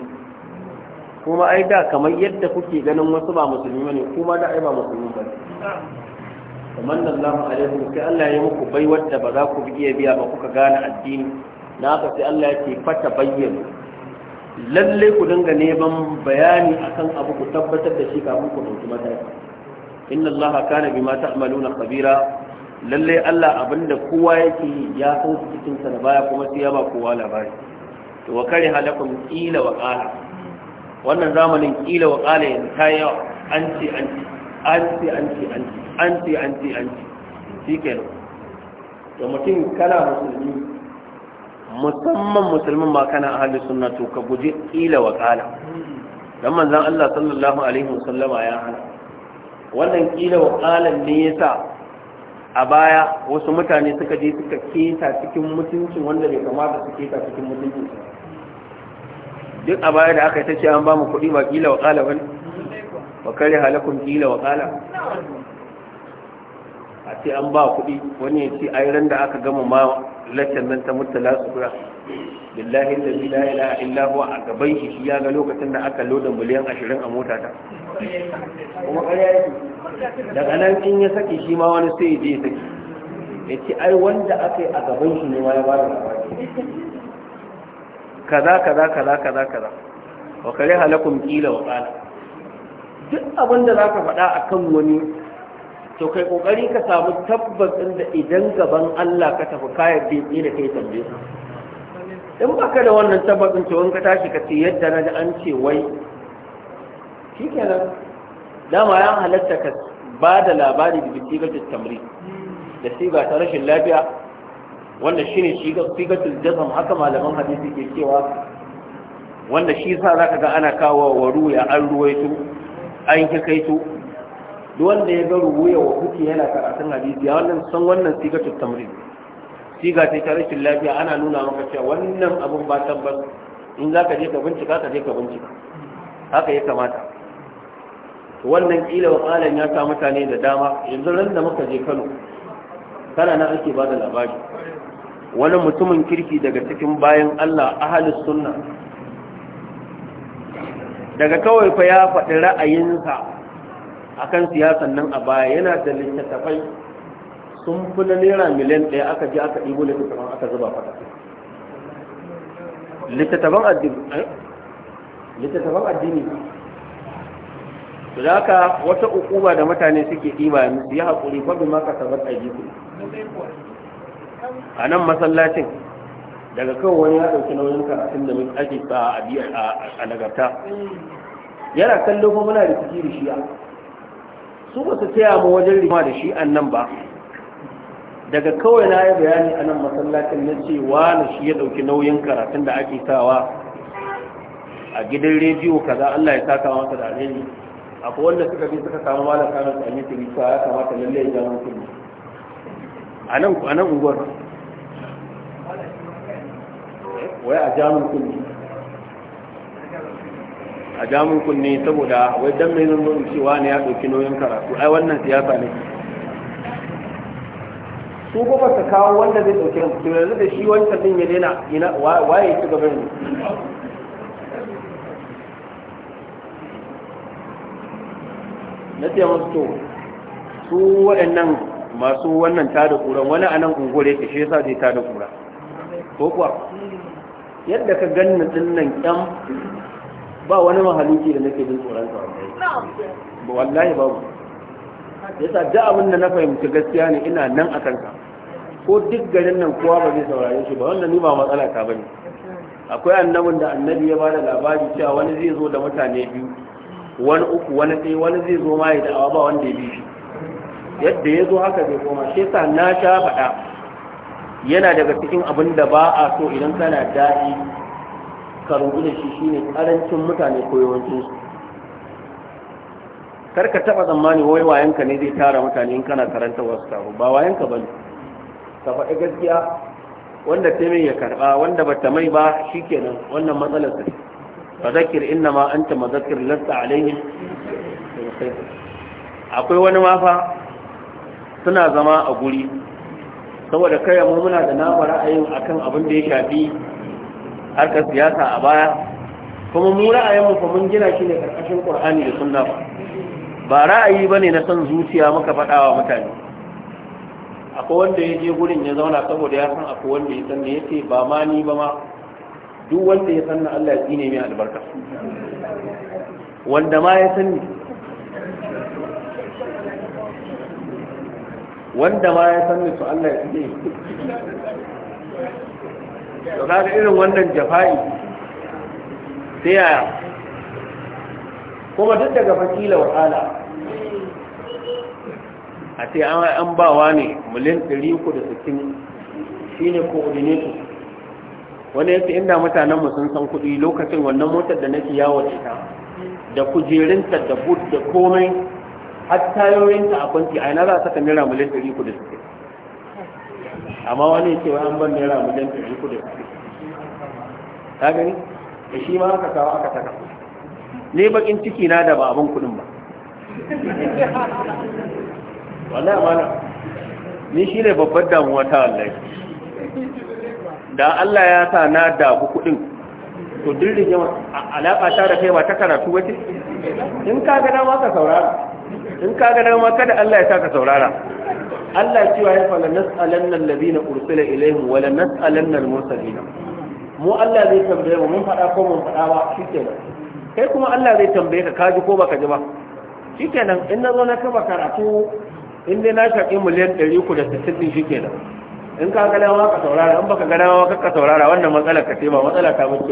A: kuma ai da kamar yadda kuke ganin wasu ba musulmi bane kuma da ai ba musulmi bane kamar nan Allah alaihi sai Allah ya muku bai wadda ba za ku iya biya ba kuka gane addini na haka sai Allah ya ce fata bayyana lalle ku dinga neman bayani akan abu ku tabbatar da shi kafin ku dauki mataki inna Allah kana bima ta'maluna khabira lallai Allah abinda kowa yake ya sauki cikin sa da baya kuma sai ya ba kowa labari to wa kare halakum qila wa qala wannan zamanin qila wa qala yanzu ta yawa anti-anti-anti-anti-anti. ce an shikenan to mutum kana musulmi musamman musulmin ma kana ahli sunna to ka guji qila wa qala dan manzon Allah sallallahu alaihi wasallama ya hana wannan qila wa qala ne yasa a baya wasu mutane suka je suka keta cikin mutuncin wanda bai kamata su keta cikin mutuncin duk a baya da aka yi ta ce an ba mu kuɗi ba kila wa ƙala wani Ba kare halakun kila wa ƙala a ce an ba kuɗi wani ya ce ai ran da aka gama ma laccan nan ta mutala su kura billahi da bi la ilaha illa huwa a gaban shi ya ga lokacin da aka loda miliyan ashirin a mota ta
B: kuma ƙarya yake daga nan
A: in ya saki shi ma wani sai je saki ya ce ai wanda aka yi a gaban shi ne ma ya ba da kaza kaza kaza kaza kaza wa kare halakun kila wa kala duk abin da za ka faɗa a kan wani to kai ƙoƙari ka samu tabbacin da idan gaban Allah ka tafi kayan bai da kai tambaye in baka da wannan tabbacin to in ka tashi ka ce yadda na da an ce wai kenan. dama ya halatta ka ba da labari da sigatul tamri da siga ta rashin lafiya wanda shi ne sigatul jazm haka malaman hadisi ke cewa wanda shi sa za ka ga ana kawo wa ruya an ruwaito an kikaito duk wanda ya ga ruwaya wa kuke yana karatun hadisi ya wannan san wannan sigatul tamri siga ta rashin lafiya ana nuna maka cewa wannan abun ba tabbas in za ka je ka bincika ka je ka bincika haka ya kamata wannan kila wakalan ya sa mutane da dama yanzu ran da muka je kano kana na ake bada labari wani mutumin kirki daga cikin bayan allah ahalus sunna daga kawai fa ya faɗi ra'ayinsa kan siyasan nan a baya yana da littattafai sun fi na naira miliyan ɗaya aka je aka ɗibo littattafan aka zuba fata littattafan littattafan addini eh? to da wata ukuba da mutane suke ɗiba ya haƙuri babu ma ka sabar a jiku a nan masallacin daga kan wani ya ɗauki nauyin karatun da muke ake sa a a nagarta yana kallo kuma muna da da shi'a su ba su taya mu wajen rima da shi'an nan ba daga kawai na yi bayani a nan masallacin na cewa na shi ya ɗauki nauyin karatun da ake sawa a gidan rediyo kaza Allah ya saka masa da alheri akwai wanda suka bi suka samu malam kamin sami tiri cewa ya kamata lalle ya jawo mutum a nan a nan unguwar wai a jamun kunni a jamun kunni saboda wai dan mai nan cewa ne ya ɗauki nauyin karatu ai wannan siyasa ne su ko ba kawo wanda zai ɗauki nauyin to yanzu da shi wancan din ya daina waye ya ci gaba na ce masu to su waɗannan masu wannan tada kuran wani anan unguwar ta shi yasa zai tada kura ko kuwa yadda ka na dinnan ƙyan ba wani mahaluki da nake jin tsoron sa ba wallahi babu yasa da abin da na fahimci gaskiya ne ina nan a kanka ko duk garin nan kowa ba zai saurare shi ba wannan ni ba matsala ta bane akwai annabin da annabi ya bada labari cewa wani zai zo da mutane biyu wani uku wani tsaye, wani zai zo ma ya da'awa ba wanda ya bi shi yadda ya zo haka zai koma shi sa na sha faɗa yana daga cikin abin da ba a so idan kana daɗi ka rubu da shi shine ƙarancin mutane ko yawancinsu kar ka taɓa tsammani wai wayanka ne zai tara mutane in kana karanta wasu taro ba wayanka ba ne ka faɗi gaskiya wanda ta mai ya karɓa wanda ba ta mai ba shi kenan wannan matsalar ta fadakir inna ma anta madakir lasta akwai wani mafa suna zama a guri saboda kai mu muna da nama ra'ayin akan abin da ya shafi harkar siyasa a baya kuma mu ra'ayin mu fa mun gina shi ne karkashin Qur'ani da Sunna ba ba ra'ayi bane na san zuciya muka faɗawa mutane akwai wanda ya je gurin ya zauna saboda ya san akwai wanda ya san ne yace ba ma ni ba ma duk wanda ya sanna Allah ya tsine mai albarka wanda ma ya sanni wanda ma ya sanni su Allah ya tsine
B: to kaga irin
A: wannan jafa'i sai yaya kuma duk daga fakila wahala a ce an ba wa ne miliyan 360 shine coordinator wani yake inda mutanen mu sun san kuɗi lokacin wannan motar da nake yawo da ita da kujerinta da bud da komai har tayoyinta a kwanci a ina za a saka naira miliyan ɗari kuɗi suke amma wani yace wai an ban naira miliyan ɗari kuɗi suke ka gani da shi ma aka kawo aka saka ne bakin ciki na da ba abin kuɗin ba
B: wallahi amana ni shine babbar damuwa ta wallahi da
A: Allah ya sa na dabu kuɗin to dirin rigima alaƙa ta da kai ba ta karatu wace in ka ga dama ka saurara in ka ga dama kada Allah ya sa ka saurara Allah cewa ya fala nas'alanna alladhina ursila ilayhim wa la nas'alanna al-mursalin mu Allah zai tambaye mu mun faɗa ko mun faɗa ba shikenan kai kuma Allah zai tambaye ka kaji ko baka ji ba shikenan in na zo na kaba karatu in dai na shaƙi miliyan 360 shikenan in ka ga dama ka saurara in baka ga dama ka ka saurara wannan matsalar ka ce ba matsala ta mutu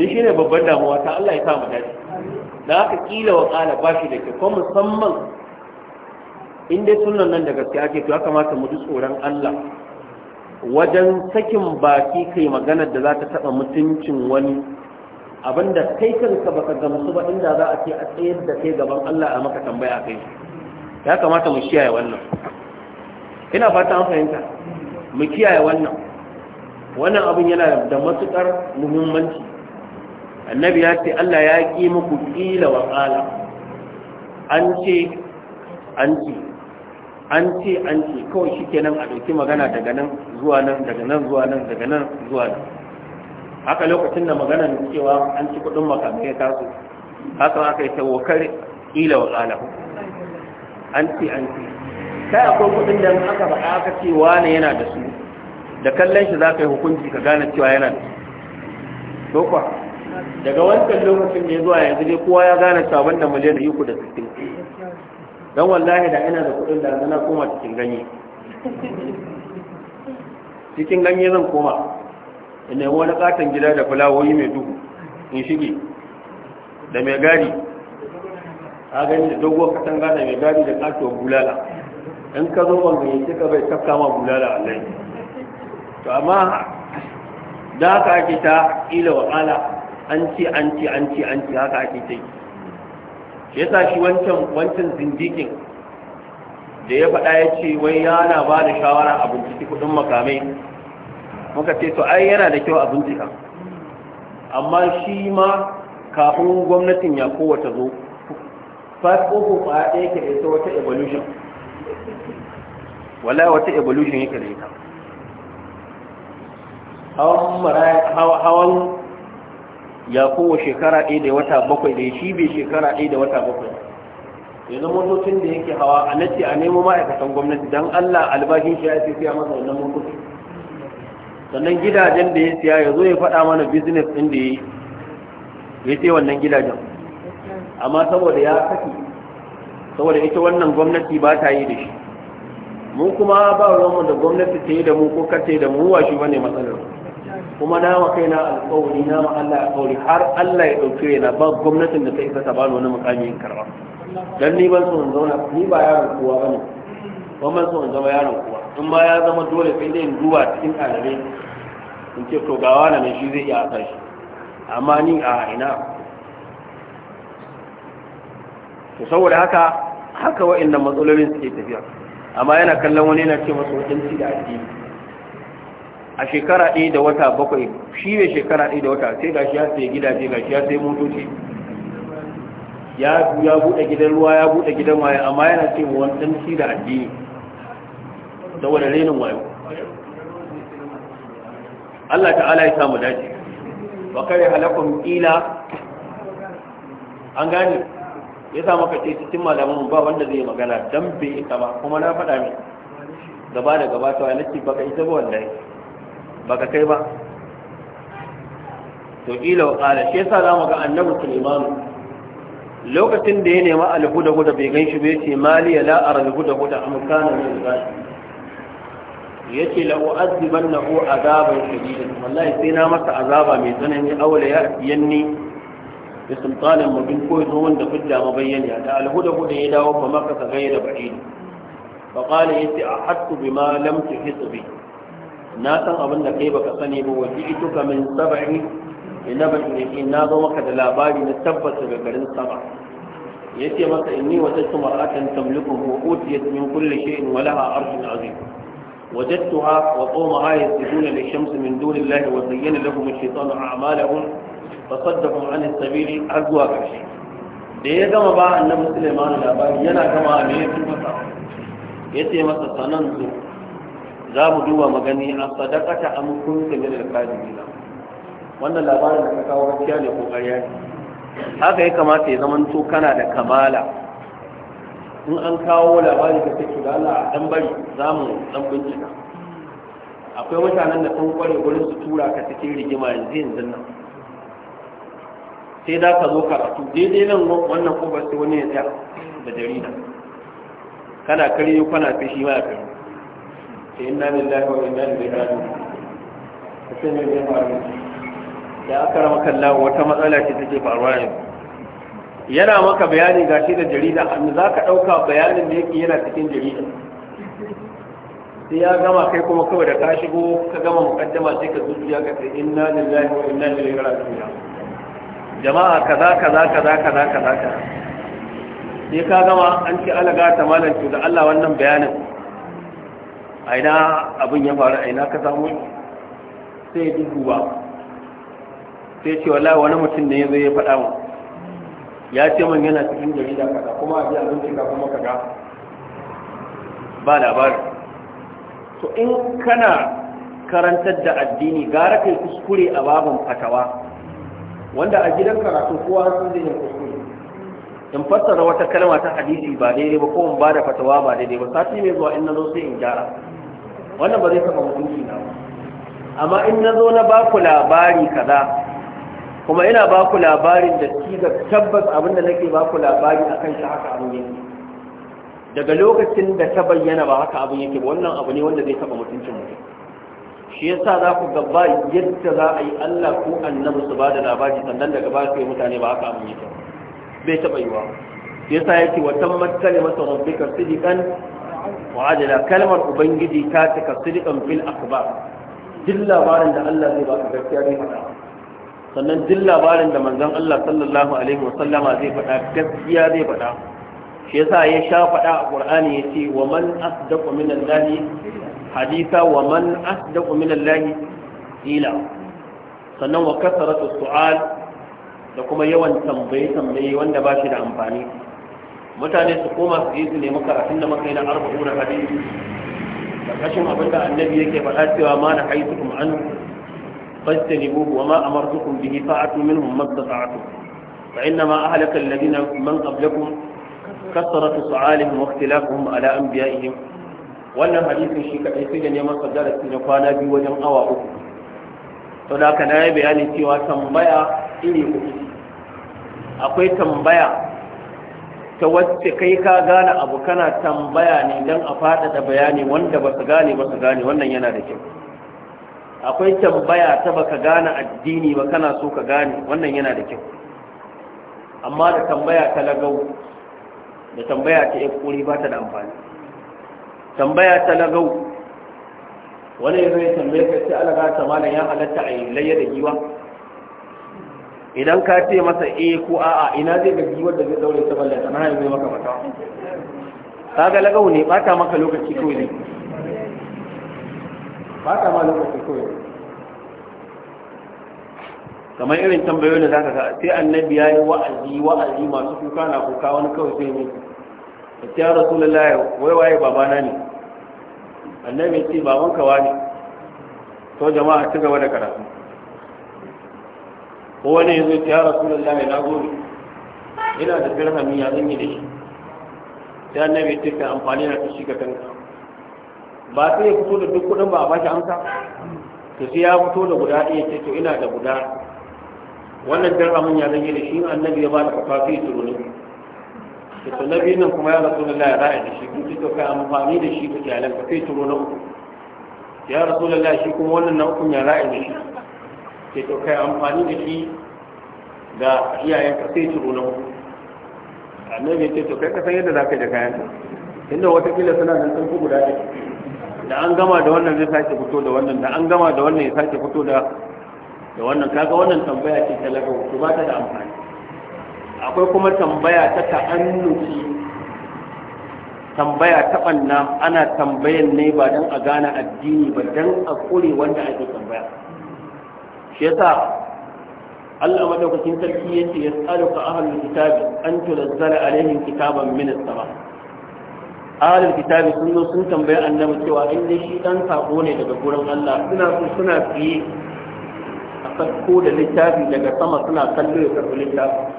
A: ni shine babban damuwa ta Allah ya sa mu dace da haka kila wa kala ba shi da ke ko musamman in dai sunan nan da gaskiya ake to ya kamata mu ji tsoron Allah wajen sakin baki kai magana da za ta taɓa mutuncin wani abinda kai kanka baka gamsu ba inda za a ce a tsayar da kai gaban Allah a maka tambaya kai ya kamata mu shiya wannan ina fata an fahimta mu kiyaye wannan wannan abin yana da matukar muhimmanci annabi ya ce Allah ya ƙi muku ƙila wa ƙala an ce an ce an ce an ce kawai shi kenan a ɗauki magana daga nan zuwa nan daga nan zuwa nan daga nan zuwa nan haka lokacin da maganar cewa an ci kuɗin makamai ya taso haka aka yi tawakar ƙila wa ƙala an ce an ce kai akwai kudin da aka faɗa aka ce wane yana da su da kallon shi za ka yi hukunci ka gane cewa yana da su kwa daga wancan lokacin ne zuwa yanzu ne kowa ya gane cewa banda miliyan da yuku da sittin don wallahi da ina da kudin da na koma cikin ganye cikin ganye zan koma in nemi wani katon gida da fulawoyi mai duhu in shige da mai gari a gani da doguwar katanga da mai gari da katuwar bulala in ka zo ban gayyace ka bai tafka ma bulala allai to amma da haka ake ta ila wa ala an ci, an ci, an ci, an ci, haka ake ta yi shi yasa shi wancan wancan zindikin da ya faɗa ya ce wai yana ba da shawara a binciki kuɗin makamai muka ce to ai yana da kyau a bincika amma shi ma kafin gwamnatin ya kowace zo fasfofo a ɗaya ke da ita wata evolution wala wata evolution yake da ita hawan ya kowa shekara ɗaya da wata bakwai da shi bai shekara ɗaya da wata bakwai yanzu motocin da yake hawa a nace a nemo ma'aikatan gwamnati don allah albashin shi ya sai siya masa wannan motocin sannan gidajen da ya siya ya zo ya faɗa mana business ɗin da ya yi ya ce wannan gidajen amma saboda ya kafi saboda ita wannan gwamnati ba ta yi da shi mu kuma ba ruwanmu da gwamnati ta yi da mu ko kar ta yi da mu wa shi bane matsalar kuma na ma kai na alkawari na ma Allah kauri har Allah ya dauke na ba gwamnatin da ta isa ta bani wani mukami in karba dan ni ban so in zauna ni ba yaron kowa bane ban ban so in zama yaron kuwa. in ba ya zama dole sai dai in duba cikin ɗalibai in ce to ga wani ne shi zai iya a shi amma ni a ina to saboda haka haka wa'annan matsalolin suke tafiya amma yana kallon wani yana ce masa wadanci da addini a shekara ɗaya da wata bakwai shi ne shekara ɗaya da wata sai gashi ya sai gidaje gashi ya sai motoci ya ya buɗe gidan ruwa ya buɗe gidan waya amma yana ce wadanci da addini da wani renin wayo Allah ta'ala ya samu dace wa kare halakun ila an gane ya sa maka ce cikin malaman ba wanda zai magana dan bai ita ba kuma na faɗa ne gaba da gaba ta wani ce baka ita ba wallahi baka kai ba to ila wa qala shi yasa zamu ga annabi Sulaiman lokacin da ya nema alhuda guda bai gan shi bai ce mali la ara guda guda am kana min zalim yace la u'adhibannahu azaban shadidan wallahi sai na masa azaba mai tsanani aula ya yanni بسلطان مبين كوي هون ده فجأة مبين يا يعني. ده الهدى هدى إلى وما كث غير بعيد فقال إنتي أحط بما لم تحس به ناسا أبن كيف كسني بوجئتك من سبع إنما الإنسان ناظر وقد لا بال نتبس بقرن سبع يتي مسا إني وجدت مرأة تملكه وأوتيت من كل شيء ولها عرش عظيم وجدتها وقومها يسجدون للشمس من دون الله وزين لهم الشيطان أعمالهم fasaddahum an sabili har zuwa ƙarshe. da ya gama ba annabi Sulaiman labari yana gama me ya masa yace masa sanan zo. za mu duba magani a sadaqata am kunta min al-kadibina wannan labarin da ka kawo gaskiya ne ko ƙarya ne haka ya kamata ya zaman to kana da kamala in an kawo labari ka take da Allah dan bari za mu dan bincika akwai mutanen da sun kware gurin su tura ka cikin rigima yanzu yanzu nan sai da ka zo karatu daidai nan wannan kofar sai wani ya tsaya da jarida kana karyo kana fishi ma yi. sai inna lillahi wa inna ilaihi raji'un sai ne ya faru da aka rama kallahu wata matsala ce take faruwa yanzu yana maka bayani gashi da jarida hannu za ka ɗauka bayanin da yake yana cikin jarida sai ya gama kai kuma kawai da ka shigo ka gama mukaddama sai ka zuciya ka sai inna lillahi wa inna ilaihi raji'un jama'a kaza kaza kaza kaza kaza ne sai ka gama an ci alaga ta malam to da Allah wannan bayanin a ina abin ya faru a ina ka samu sai ya duba sai ce wallahi wani mutum ne zai ya faɗa mun ya ce man yana cikin jarida kaza kuma a ji abin cika kuma kaza ba labari to in kana karantar da addini gara kai kuskure a babin fatawa wanda a gidan karatu kowa sun zai yin kuskure in fassara wata kalma ta hadisi ba daidai ba ko in ba da fatawa ba daidai ba sati mai zuwa in na zo sai in gyara wannan ba zai taɓa mutunci na ba amma in na zo na ba ku labari kaza kuma ina ba ku labarin da shi ga tabbas abin da nake ba ku labari a kan shi haka abin yake daga lokacin da ta bayyana ba haka abin yake ba wannan abu ne wanda zai taɓa mutuncin mutum shi sa za ku gaba yadda za a yi Allah ko annabi su ba da labari sannan daga ba su yi mutane ba haka abin ba. bai taɓa yiwa ya sa yake wa tammat kalimatu rabbika sidqan wa adala kalmar ubangiji ta cika sidqan fil akbar duk labarin da Allah zai ba baka gaskiya zai faɗa sannan duk labarin da manzon Allah sallallahu alaihi wa sallama zai faɗa gaskiya zai faɗa shi yasa ya sha faɗa a Qur'ani yace wa man asdaqu min Allah hadisa wa man asdaqu min Allah ila sannan wa kasaratu su'al da kuma yawan tambaye tambaye wanda ba shi da amfani mutane su koma su yi su nemi karatun da muka yi na arba'una hadisi karkashin abin da annabi yake faɗa cewa ma na haitukum an fastanibu wa ma amartukum bihi fa'atu minhum mastata'tu fa inna ma ahlaka alladhina man qablakum kasratu su'alihim wa ikhtilafuhum ala anbiya'ihim wannan hadisin shi kadai sai da neman su na kwana biyu wajen awa uku to da haka na yi bayani cewa tambaya iri uku akwai tambaya ta wacce kai ka gane abu kana tambaya ne don a faɗaɗa bayani wanda ba su gane ba su gane wannan yana da kyau akwai tambaya ta baka gane addini ba kana so ka gane wannan yana da kyau amma da tambaya ta lagau da tambaya ta ya kuri ba ta da amfani tambaya ta lagau wani yanzu ya tambaye ka ce alaga ta malam ya halatta a yi layya da giwa idan ka ce masa eh ko a'a ina zai ga giwa da zai daure ta ballata na haihuwa maka
B: mata
A: ga lagau ne bata maka lokaci kawai ne bata ma lokaci kawai ne kamar irin tambayoyin da za ka ga sai annabi ya yi wa'azi wa'azi masu kuka na kuka wani kawai sai ne ya rasulullahi wai waye babana ne annabi ce baban kawa ne to jama'a ci gaba da karatu ko wani yazo ya rasulullahi na gobe ina da dirhami ya zan yi da shi sai annabi ce ka amfani na shi ga kanka ba sai ya fito da duk kudin ba a bashi amsa to sai ya fito da guda ɗaya ce to ina da guda wannan dirhamin ya zan yi da shi annabi ya ba da kafafi su ce to na biyu nan kuma ya rasu lallai ya ra'ayi da shi kun ci kai amfani da shi ga jalan ka kai turo na uku ya rasu lallai shi kuma wannan na uku ya ra'ayi da shi ce to kai amfani da shi ga iyayen ka sai turo na uku annabi ya ce to kai ka san yadda za ka yi da kayan ka inda watakila suna nan sun fi guda ɗaya da an gama da wannan zai sake fito da wannan da an gama da wannan ya sake fito da da wannan kaga wannan tambaya ce talaka ko ba ta da amfani akwai kuma tambaya ta ta'annuki tambaya ta banna ana tambayan ne ba don a gane addini ba don a kure wanda ake tambaya shi yasa Allah madaukakin sarki yace ka ahlul kitabi an tunzala alaihim kitaban min as-sama ahlul kitabi sun zo sun tambaye annabi cewa in shi dan sako ne daga gurin Allah suna so suna fiye
B: a sakko da littafi daga sama suna kallo ya karbi
A: littafi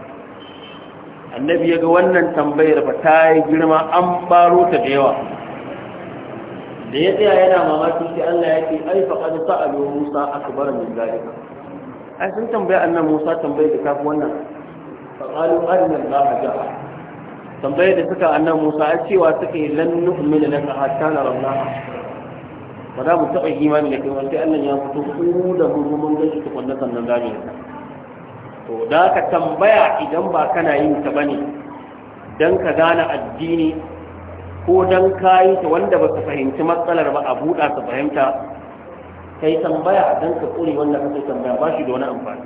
A: annabi ya ga wannan tambayar ba ta yi girma an baro ta da yawa da ya tsaya yana mamaki sai Allah ya ce ai fa qad sa'alu Musa akbar min zalika ai sun tambaya annan Musa tambayar da kafi wannan fa qalu arina Allah ja'a tambayar da suka annan Musa ya cewa suka yi lan nu'mina laka hatta nara ba za mu taɓa imani da kai wanda Allah ya fito ku da mu mun gaji tukunna sannan zamu yi to da ka tambaya idan ba kana yin ta bane dan ka gane addini ko dan kayi ta wanda ba ka fahimci matsalar ba a buɗa ka fahimta kai tambaya dan ka kure wanda ka kake tambaya ba shi da wani amfani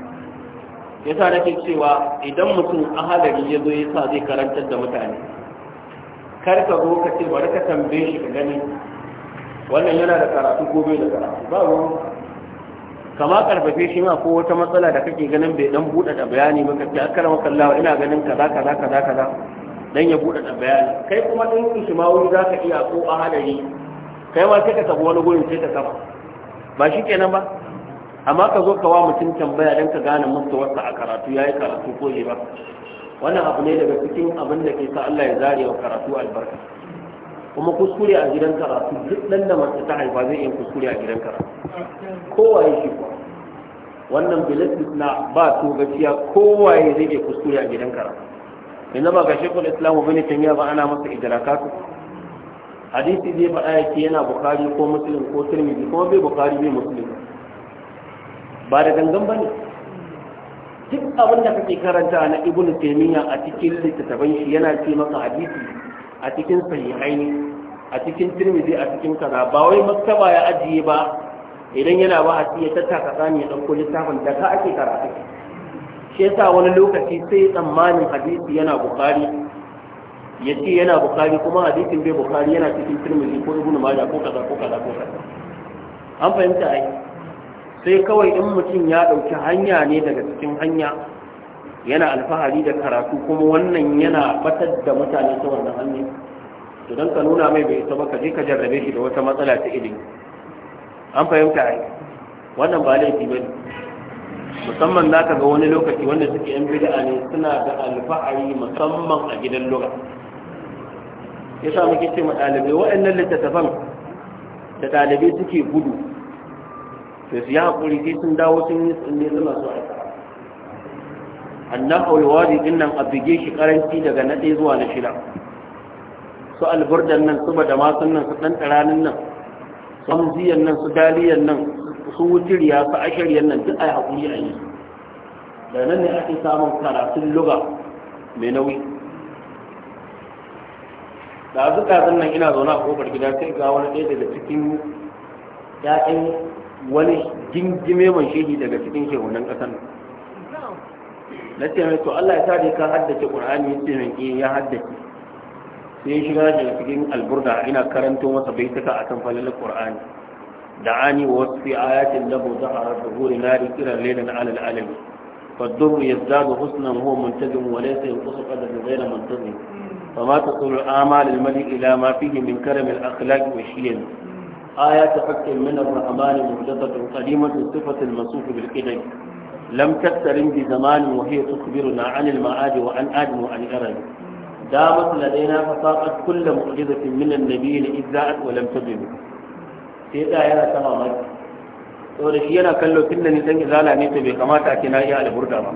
A: yasa nake cewa idan mutum ahalari ya zo yasa zai karantar da mutane kar ka zo ka ce bari ka tambaye shi ka gani wannan yana da karatu ko bai da karatu ba ruwan kama karfafe shi ma ko wata matsala da kake ganin bai dan buɗe da bayani maka kace akara maka ina ganin kaza kaza kaza kaza dan ya buɗe da bayani kai kuma din shi ma wuri iya ko a hadari kai ma sai ka tafi wani gurin sai ka kafa ba shi kenan ba amma ka zo ka wa mutum tambaya dan ka gane masa wasa a karatu yayi karatu ko ba wannan abu ne daga cikin abin da ke sa Allah ya zare wa karatu albarka kuma kuskure a gidan karatu duk ɗan da mace ta haifa zai iya kuskure a gidan karatu kowaye shi kuwa wannan bilistis na ba to gaskiya kowaye zai iya kuskure a gidan karatu yanzu ba ga shekul islamu bane yi ba ana masa kasu. hadisi zai faɗa ya ce yana bukari ko musulun ko turmiji kuma bai bukari bai musulun ba da gangan ba ne duk abin da kake karanta na ibnu taymiya a cikin littattafan shi yana ce maka hadisi a cikin sahihai a cikin tirmidhi a cikin kaza ba wai maktaba ya ajiye ba idan yana ba a ya tattaka tsani ya ɗauko littafin da ka ake karatu shi yasa wani lokaci sai tsammanin hadisi yana bukari ya ce yana bukari kuma hadisin bai bukari yana cikin tirmidhi ko ibnu majah ko kaza ko kaza ko kaza an fahimta ai sai kawai in mutum ya ɗauki hanya ne daga cikin hanya yana alfahari da karatu kuma wannan yana batar da mutane ta wannan hannu to don ka nuna mai bai isa ba ka je ka jarrabe shi da wata matsala ta ilimi an fahimta ai wannan ba laifi ba musamman za ka ga wani lokaci wanda suke yan bid'a ne suna da alfahari musamman a gidan lura ya sa muke ce ma ɗalibai waɗannan littattafan da ɗalibai suke gudu to su yi haƙuri sai sun dawo sun yi tsalle suna so a annan aulwari din nan a bige shi karanci daga na ɗaya zuwa na shida su alburdan nan su badamasun nan su ɗan tsiranin nan su hamziyan nan su daliyan nan su wutiriya su ashiryan nan duk a yi haƙuri a yi da nan ne ake samun karatun luga mai nauyi da zukazin nan ina zaune a kofar gida sai ga wani ɗaya daga cikin ya'yan wani jingime mai shehi daga cikin shehunan ƙasar nan na ce mai to Allah ya tare ka haddace Qur'ani ya ce eh, ya haddace sai shiga da cikin alburda ina karanto masa baitaka akan falalar Qur'ani da'ani wa wasu fi ayatin lahu zahara zuhuri nari kiran lailan alal alami فالدر يزداد حسنا هو منتجم وليس ينقص قدر غير منتظم فما تصل الآمال الملك إلى ما فيه من كرم الأخلاق وشيم آيات حق من الرحمن مهدثة قديمة صفة المصوف بالقدم lam tattarin bi zamani wa hiya tukhbiruna an al ma'ad wa an adam wa an irad damat ladaina fasaqat kull mu'jizatin min an nabiyyin izza'at wa lam tadib sai da yana ta mamaki da shi yana kallo tunda ni dan izala ne to bai kamata ki na yi alburda ba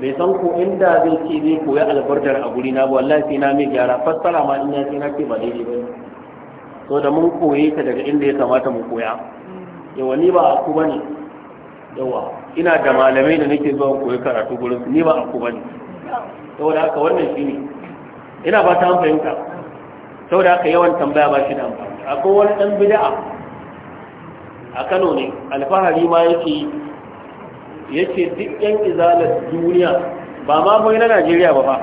A: bai san ko inda zai ce zai koya albardar a guri na wallahi sai na mai gyara fassara ma in ya sai na ce ba daidai ba so da mun koye ka daga inda ya kamata mu koya yawa ni ba aku ne. yawa ina da malamai da nake zuwa koyi karatu gurin su, ni ba aku bane saboda haka wannan shi ne. ina ba ta fahimta saboda haka yawan tambaya ba shi da amfani akwai wani dan bid'a a Kano ne alfahari ma yake yake duk yan izalar duniya ba ma bai na Najeriya ba fa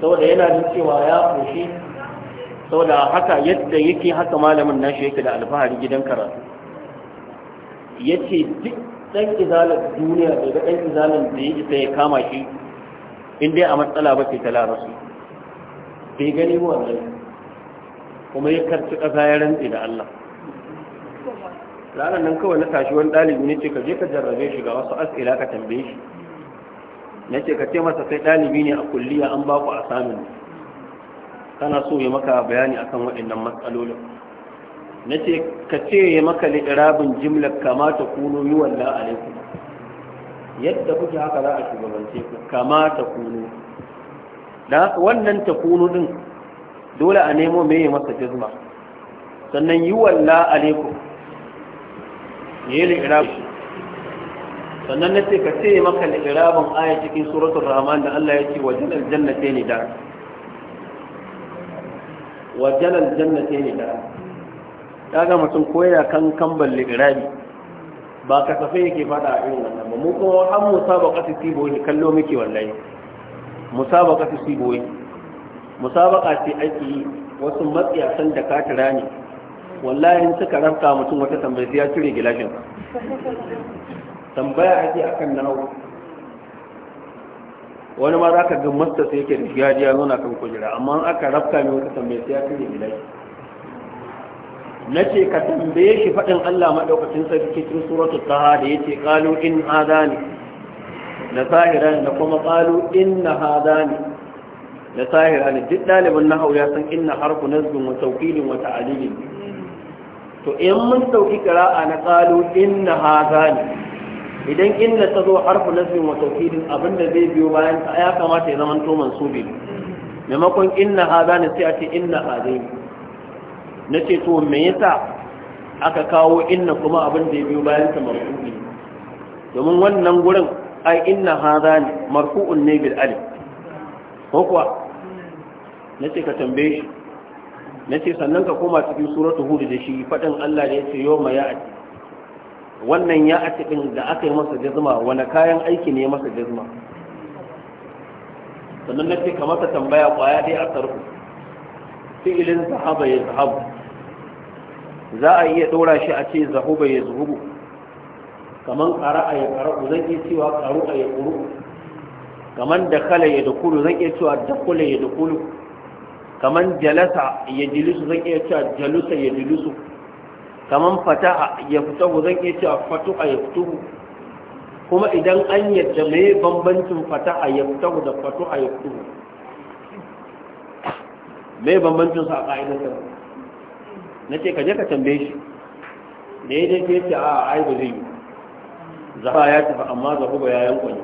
A: saboda yana da cewa ya koshi saboda haka yadda yake haka malamin nashi yake da alfahari gidan karatu ya ce duk ɗan izalar duniya da ga ɗan izalar da ya isa ya kama shi in dai a matsala ba ce ta larasu bai gani wannan kuma ya karci ƙasa ya rantse da Allah ranar nan kawai na tashi wani ɗalibi ne ce ka je ka jarrabe shi ga wasu as'ila ka tambaye shi na ce ka ce masa sai ɗalibi ne a kulliya an ba ku asamin kana so ya maka bayani akan waɗannan matsalolin na ce ka ce ya maka liƙirabin jimlar kamata kuno yi walla alaikum yadda kuke haka za a shugabance ku kamata kuno da wannan ta kuno din dole a nemo mai masa jizma sannan yi walla alaikum ya yi liƙirabin sannan na ce ka ce maka liƙirabin aya cikin suratun rahman da Allah ya ce wajen aljanna ne da wajen aljanna ne da kaga mutum ko yana kan kamban ligirabi ba kasafai yake fada a irin wannan ba mu kuma an musabaka ta sibo ne kallo muke wallahi musabaka ta sibo ne musabaka ce ake yi wasu matsiyasan da katira ne wallahi in suka rafta mutum wata tambaya sai ya cire gilashin tambaya ake akan nawo wani ma za ka ga masta sai yake da gajiya nuna kan kujera amma aka rafka ne wata tambaya sai ya cire gilashin na ce ka tambaye shi faɗin Allah maɗaukacin sarki cikin suratu taha da ya ce ƙalu in hada ne na sahira da kuma ƙalu in na hada ne na sahira ne duk ɗaliban na hau ya san in na harku nazgun wa taukilin wa ta'alilin to in mun ɗauki ƙira'a na ƙalu in na hada ne idan in na ta zo harku nazgun wa taukilin abinda zai biyo bayan ya kamata ya zama to mansubi maimakon in na hada ne sai a ce in na hada ne na ce to me yasa aka kawo inna kuma abin da ya biyo bayan ta marfu'i domin wannan gurin ai inna hadha ne marfu'un ne bil alif ko kuwa nace ka tambaye shi nace sannan ka koma cikin suratul hud da shi fadin Allah da yace yawma ya'ti wannan ya'ti din da aka yi masa jazma wani kayan aiki ne masa jazma sannan nace ka masa tambaya kwaya dai a sarfu fi'ilin zahaba ya zahabu za a iya ɗora shi a ce zahuba ya zuhubu kaman a ya ƙara zan iya cewa ƙaru a ya ƙuru kaman da kala ya da kulu zan iya cewa da kula ya da kulu kaman jalasa ya jilisu zan iya cewa jalusa ya jilisu kaman fata ya ku zan iya cewa fatu ya fituhu kuma idan an yadda mai bambancin fata ya fitahu da fatu ya fituhu Mai bambancin sa a ka'idar ka na ce ka je ka tambaye shi da ya dai ce a ai ba zai yi zaba ya tafi amma zahu ba ya yanko ne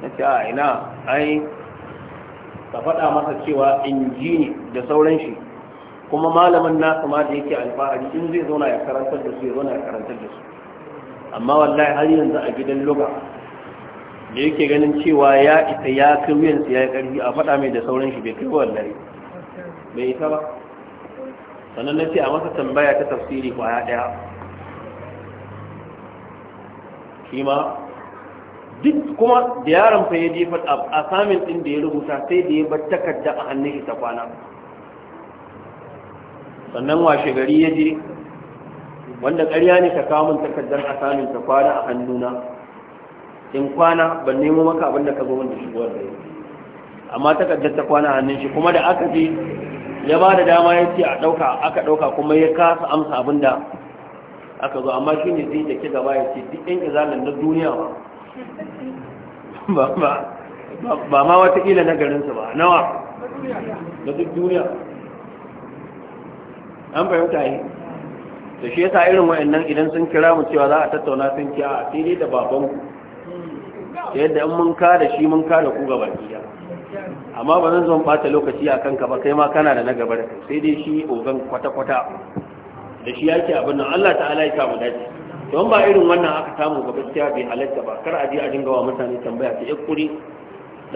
A: na ce a ina ai ka faɗa masa cewa in ji ne da sauran shi kuma malamin na ma da yake alfahari in zai zauna ya karantar da su ya zauna ya karantar da su amma wallahi har yanzu a gidan luga da yake ganin cewa ya isa ya kai wuyansa ya yi ƙarfi a faɗa mai da sauran shi bai kai wallahi bai ta ba sannan na ce a masa tambaya ta tafsiri kwaya ɗaya shi ma duk kuma da yaron fa ya jefa a samin ɗin da ya rubuta sai da ya bar takarda a hannun ta kwana sannan washe gari ya je wanda ƙarya ne ka kawo min takardar a samun ta kwana a hannuna in kwana ban nemo maka abin da ka zo wanda shi yi. amma takardar ta kwana a hannun shi kuma da aka je ya ba da dama ya ce a ɗauka aka ɗauka kuma ya kasa amsa abin da aka zo amma shi ne zai da ke gaba ya ce duk yan izalin na duniya ba ba ma watakila na garinsa ba nawa na duk duniya an fahimta yi da shi yasa irin wa'annan idan sun kira mu cewa za a tattauna sun kya a fili da babanku
B: da yadda in mun ka da shi mun ka
A: da ku gaba ɗaya amma ba zan zon bata lokaci a kanka ba kai ma kana da na gaba da kai sai dai shi ogan kwata-kwata da shi yake abin nan Allah ta'ala ya samu dace don ba irin wannan aka samu ga gaskiya bai halatta ba kar a je a dinga wa mutane tambaya ta yakuri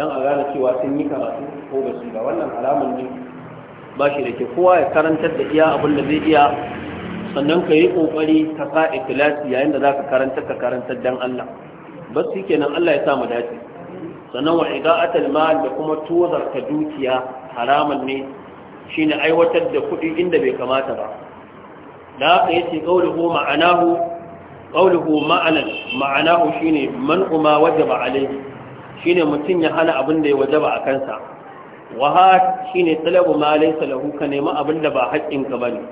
A: dan a gane cewa sun yi karatu ko ba su ba wannan alaman ne ba shi da ke kowa ya karantar da iya abin da zai iya sannan ka yi kokari ka sa ikhlasi yayin da za ka karanta ka karantar dan Allah bas kenan Allah ya sa mu dace sannan wa ida'atul mal da kuma tozarta dukiya haramun ne shine aiwatar da kuɗi inda bai kamata ba da haka yace qauluhu ma'anahu qauluhu ma'anan ma'anahu shine man uma wajaba alayhi shine mutun ya hana abin da ya wajaba a kansa wa ha shine talabu ma laysa lahu ka nema abin da ba haƙƙinka bane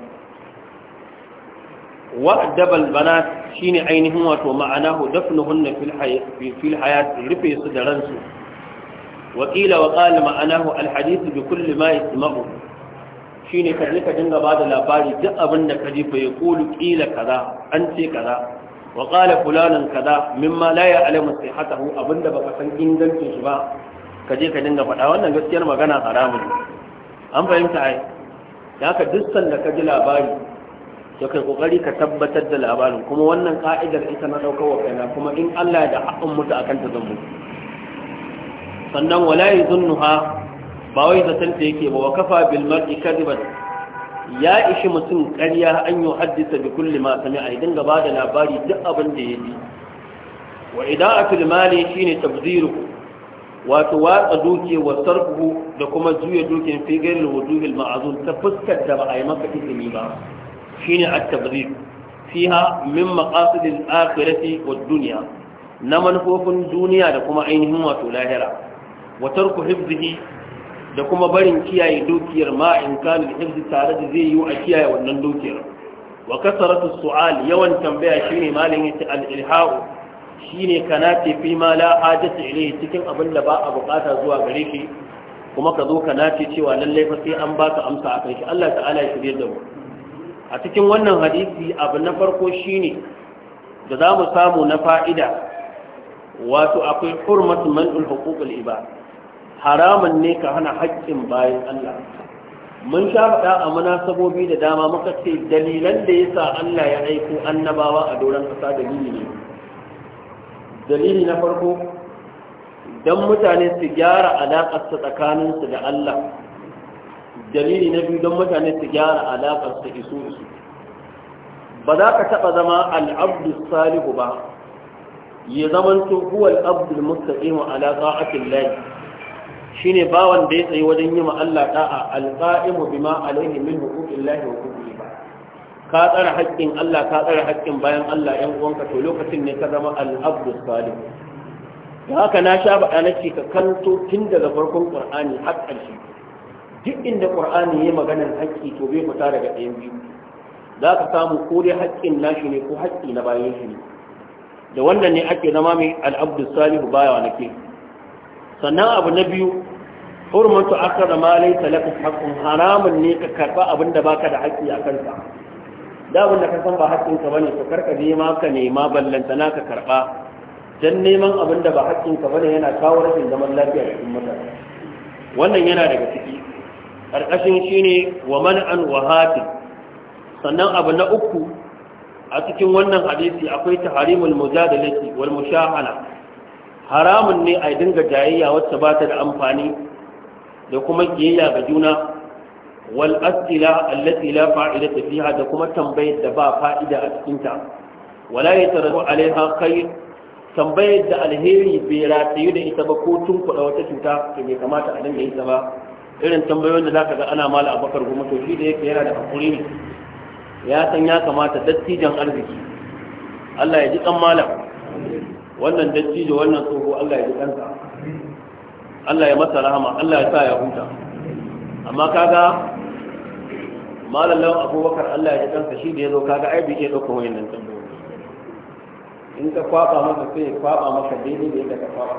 B: وأدب البنات شين عينهم
A: ومعناه دفنهن في الحياة رفي صدرنسو وقيل وقال معناه الحديث بكل ما يسمعه شين كذلك جنة بعد الأباري جاء بنا كذلك يقول قيل كذا أنت كذا وقال فلانا كذا مما لا يعلم صحته أبنا بكسن إنجل تشبا كذلك جنة بعد أولا قسير مغانا حرام أم فهمت عاي لك دسا لك جل أباري to kai kokari ka tabbatar da labarin kuma wannan ka'idar ita na daukar wa kaina kuma in Allah da haƙin mutu akan ta zan mutu sannan wala yuzunnuha ba wai zaton ta yake ba wa kafa bil mar'i kadiban ya ishi mutum ƙarya an yi haddisa bi kulli ma gaba da labari duk abin da ya ji wa ida'atul shi shine tabziru wato watsa duke wa da kuma juya dukin fi gairil wuduhil ma'azun ta fuskar da ba a yi maka izini ba shine at-tabdhib fiha min maqasid al-akhirati wad-dunya na manufofin duniya da kuma ainihin wato lahira wa tarku hifzihi da kuma barin kiyaye dukiyar ma in kana tare da zai yi a kiyaye wannan dukiyar wa kasaratu su'al yawan tambaya shine malamin al-ilha'u shine kana ce fi ma la hajata ilayhi cikin abin da ba a bukata zuwa gare shi kuma ka zo ka nace cewa lallai fa sai an baka amsa akan shi Allah ta'ala ya shirye da mu a cikin wannan hadisi abu na farko shi ne da za mu samu na fa'ida wato akwai hurmatu man'ul hukukul iba haramun ne ka hana haƙƙin bayan Allah mun sha faɗa a munasabobi da dama muka ce dalilan da ya sa Allah ya aiko annabawa a doron ƙasa dalili ne dalili na farko don mutane su gyara alaƙarsa tsakaninsu da Allah dalili na biyu don mutane su gyara alaƙar su isu su ba za ka taɓa zama al'abdu salihu ba ya zaman to huwa al'abdu mustaqimu ala ta'atin lahi shine bawan da ya tsaye wajen yi ma Allah da'a alqa'imu bima alayhi min huquqin lahi wa huquqi ba ka tsara haƙƙin Allah ka tsara haƙƙin bayan Allah ƴan uwanka to lokacin ne ka zama al'abdu da haka na sha baɗa nake ka kanto tun daga farkon ƙur'ani har ƙarshe duk inda qur'ani ya maganar haƙƙi to bai fita daga ɗayan biyu za ka samu ko dai haƙƙin nashi ne ko haƙƙi na bayan shi ne da wannan ne ake zama mai al'abdu salihu baya wa nake sannan abu na biyu hurmatu aka da malai talaka haƙƙun haramun ne ka karɓa abin da baka da haƙƙi a kansa da abin da ka san ba haƙƙinka bane ka karka nema ka nema ballantana ka karɓa don neman abin da ba haƙƙinka ba ne yana kawo rashin zaman lafiya cikin mutane wannan yana daga ciki ƙarƙashin shine wa man'an wahatin sannan abu na uku a cikin wannan hadisi akwai tahrimul mujadalati wal mushahala haramun ne a dinga jayayya wacce ba ta da amfani da kuma kiyayya ga juna wal asila allati la fiha da kuma tambayar da ba fa'ida a cikin ta wala yatarabu alaiha khair tambayar da alheri bai ratayu da ita ba ko tun kuɗa wata cuta to bai kamata a dinga ita ba irin tambayoyin da zaka ga ana mala abakar goma to shi da yake yana da hakuri ne ya san ya kamata dattijan arziki Allah ya ji kan malam wannan dattijo wannan tsoho Allah ya ji kansa Allah ya masa rahama Allah ya sa ya huta amma kaga malam lawan abubakar Allah ya ji kansa shi da ya zo kaga ai bai iya ɗauka nan tambayoyi in ka kwaba masa sai ya kwaba maka daidai da yadda ka kwaba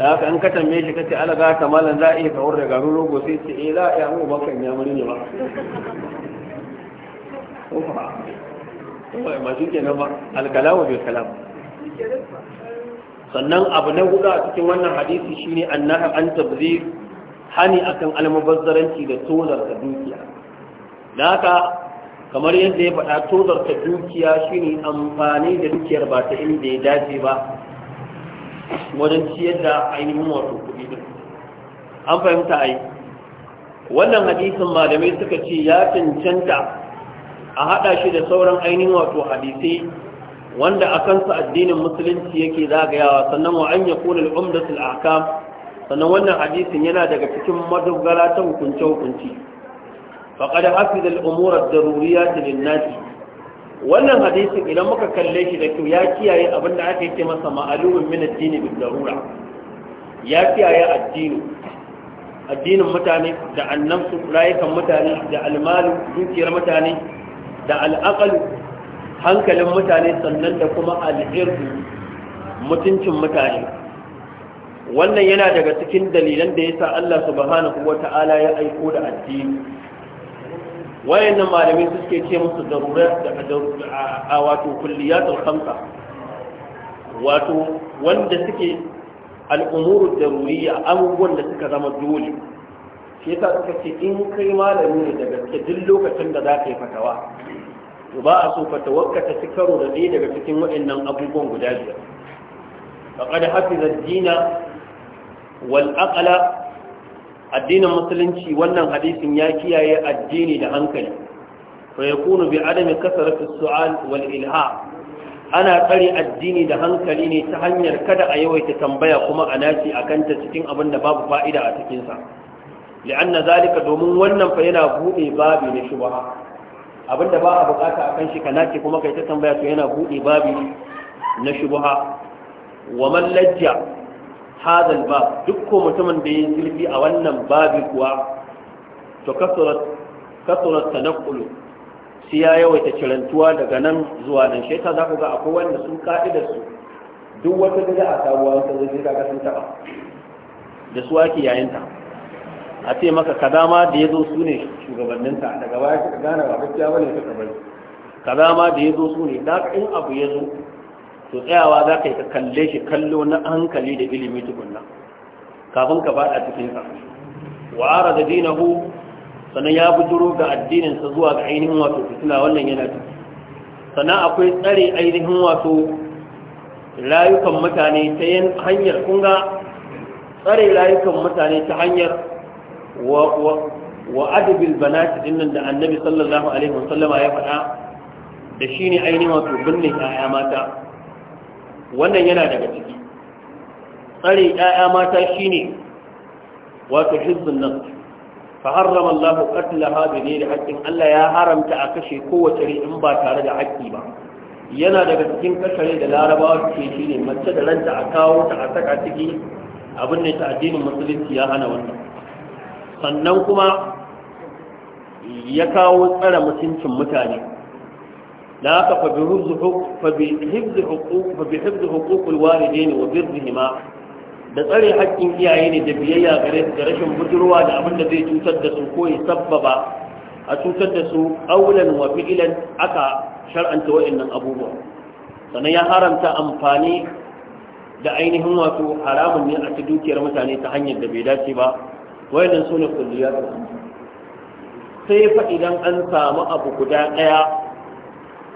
A: da haka an katan tambaye shi kace alaga ta malam za a iya kawar da garin rogo sai ce eh za a iya mu bakan ya muri ne ba
B: kuma
A: ma shi kenan ba alkalamu bil kalam
B: sannan abu na
A: hudu a cikin wannan hadisi shine annaha an tabzir hani akan almubazzaranci da tozar da dukiya da haka kamar yadda ya faɗa tozar ta dukiya shine amfani da dukiyar ba ta inda ya dace ba wajen ciyar da ainihin wato kuɗi din an fahimta a yi. wannan hadisin malamai suka ce ya cancanta a haɗa shi da sauran ainihin wato hadisai wanda a kansa addinin musulunci yake zagayawa sannan wa an yakuna kunar umdatul ahkam sannan wannan hadisin yana daga cikin madogara ta hukunce hukunci Faƙar hafi da al'umurar daruriya ta linnati wannan hadisin idan muka kalle shi da kyau ya kiyaye abin da aka yi masa ma'alumin min addini bil darura ya kiyaye addini addinin mutane da annabsu rayukan mutane da almalu dukiyar mutane da al'aqal hankalin mutane sannan da kuma al'irdu mutuncin mutane wannan yana daga cikin dalilan da yasa Allah subhanahu wata'ala ya aiko da
B: addini
A: wayannan malamai suke ce musu darurar a wato kulliyatul khamsa wato wanda suke al'umuru daruriya abubuwan da suka zama dole shi yasa suka ce in kai malami ne da gaske duk lokacin da za ka yi fatawa to ba a so fatawarka ta karo da ɗaya daga cikin waɗannan abubuwan guda biyar faqad hafiza dina wal aqla addinin musulunci wannan hadisin ya kiyaye addini da hankali fa yakunu bi adami kasarati su'al wal ilha ana tsare addini da hankali ne ta hanyar kada a yawaita tambaya kuma a naci a kanta cikin abin da babu fa'ida a cikinsa li'anna zalika domin wannan fa yana buɗe babi na shubaha abin da ba a bukata a kan shi ka naki kuma kai ta tambaya to yana buɗe babi na shubaha wa man lajja hadal ba duk ko mutumin da yin zurfi a wannan babi kuwa to kasurat kasurat tanqulu shi ya yawaita kirantuwa daga nan zuwa nan shi ta ku ga akwai wanda sun ka'idar su duk wata gida a sabuwa wata zai ga sun taɓa. da su ake yayin ta a ce maka kadama da yazo su ne shugabanninta daga baya suka gane ba gaskiya bane suka bari kaza ma da yazo su ne da in abu yazo to tsayawa za ka yi ka kalle shi kallo na hankali da ilimi tukunna kafin ka faɗa cikinsa wa ara da dinahu sannan ya bujuro ga addininsa zuwa ga ainihin wato fitina wannan yana ciki sannan akwai tsare ainihin wato rayukan mutane ta yin hanyar kunga tsare rayukan mutane ta hanyar wa adabil banati dinnan da annabi sallallahu alaihi wasallama ya faɗa da shine ainihin wato binne 'ya'ya mata wannan yana daga ciki tsare ‘ya'ya mata shi ne wato hizbin nan fa harrama Allah qatla hadini da haƙƙin Allah ya haramta a kashe kowace rai in ba tare da haƙƙi ba yana daga cikin kasare da larabawa ke shi ne mace da ranta a kawo ta a saka ciki abin da ta addinin musulunci ya hana wannan sannan kuma ya kawo tsara mutuncin mutane da haka fabihibzu hukukul walide ne wa birrihima da tsare haƙƙin iyaye ne da biyayya gare da rashin budurwa da abin da zai cutar da su ko ya a cutar da su aulan wa fi'ilan aka shar'anta wa'annan abubuwa sannan ya haramta amfani da ainihin wato haramun ne a ta dukiyar mutane ta hanyar da bai dace ba wa'annan su ne kulliyar sai fa idan an samu abu guda ɗaya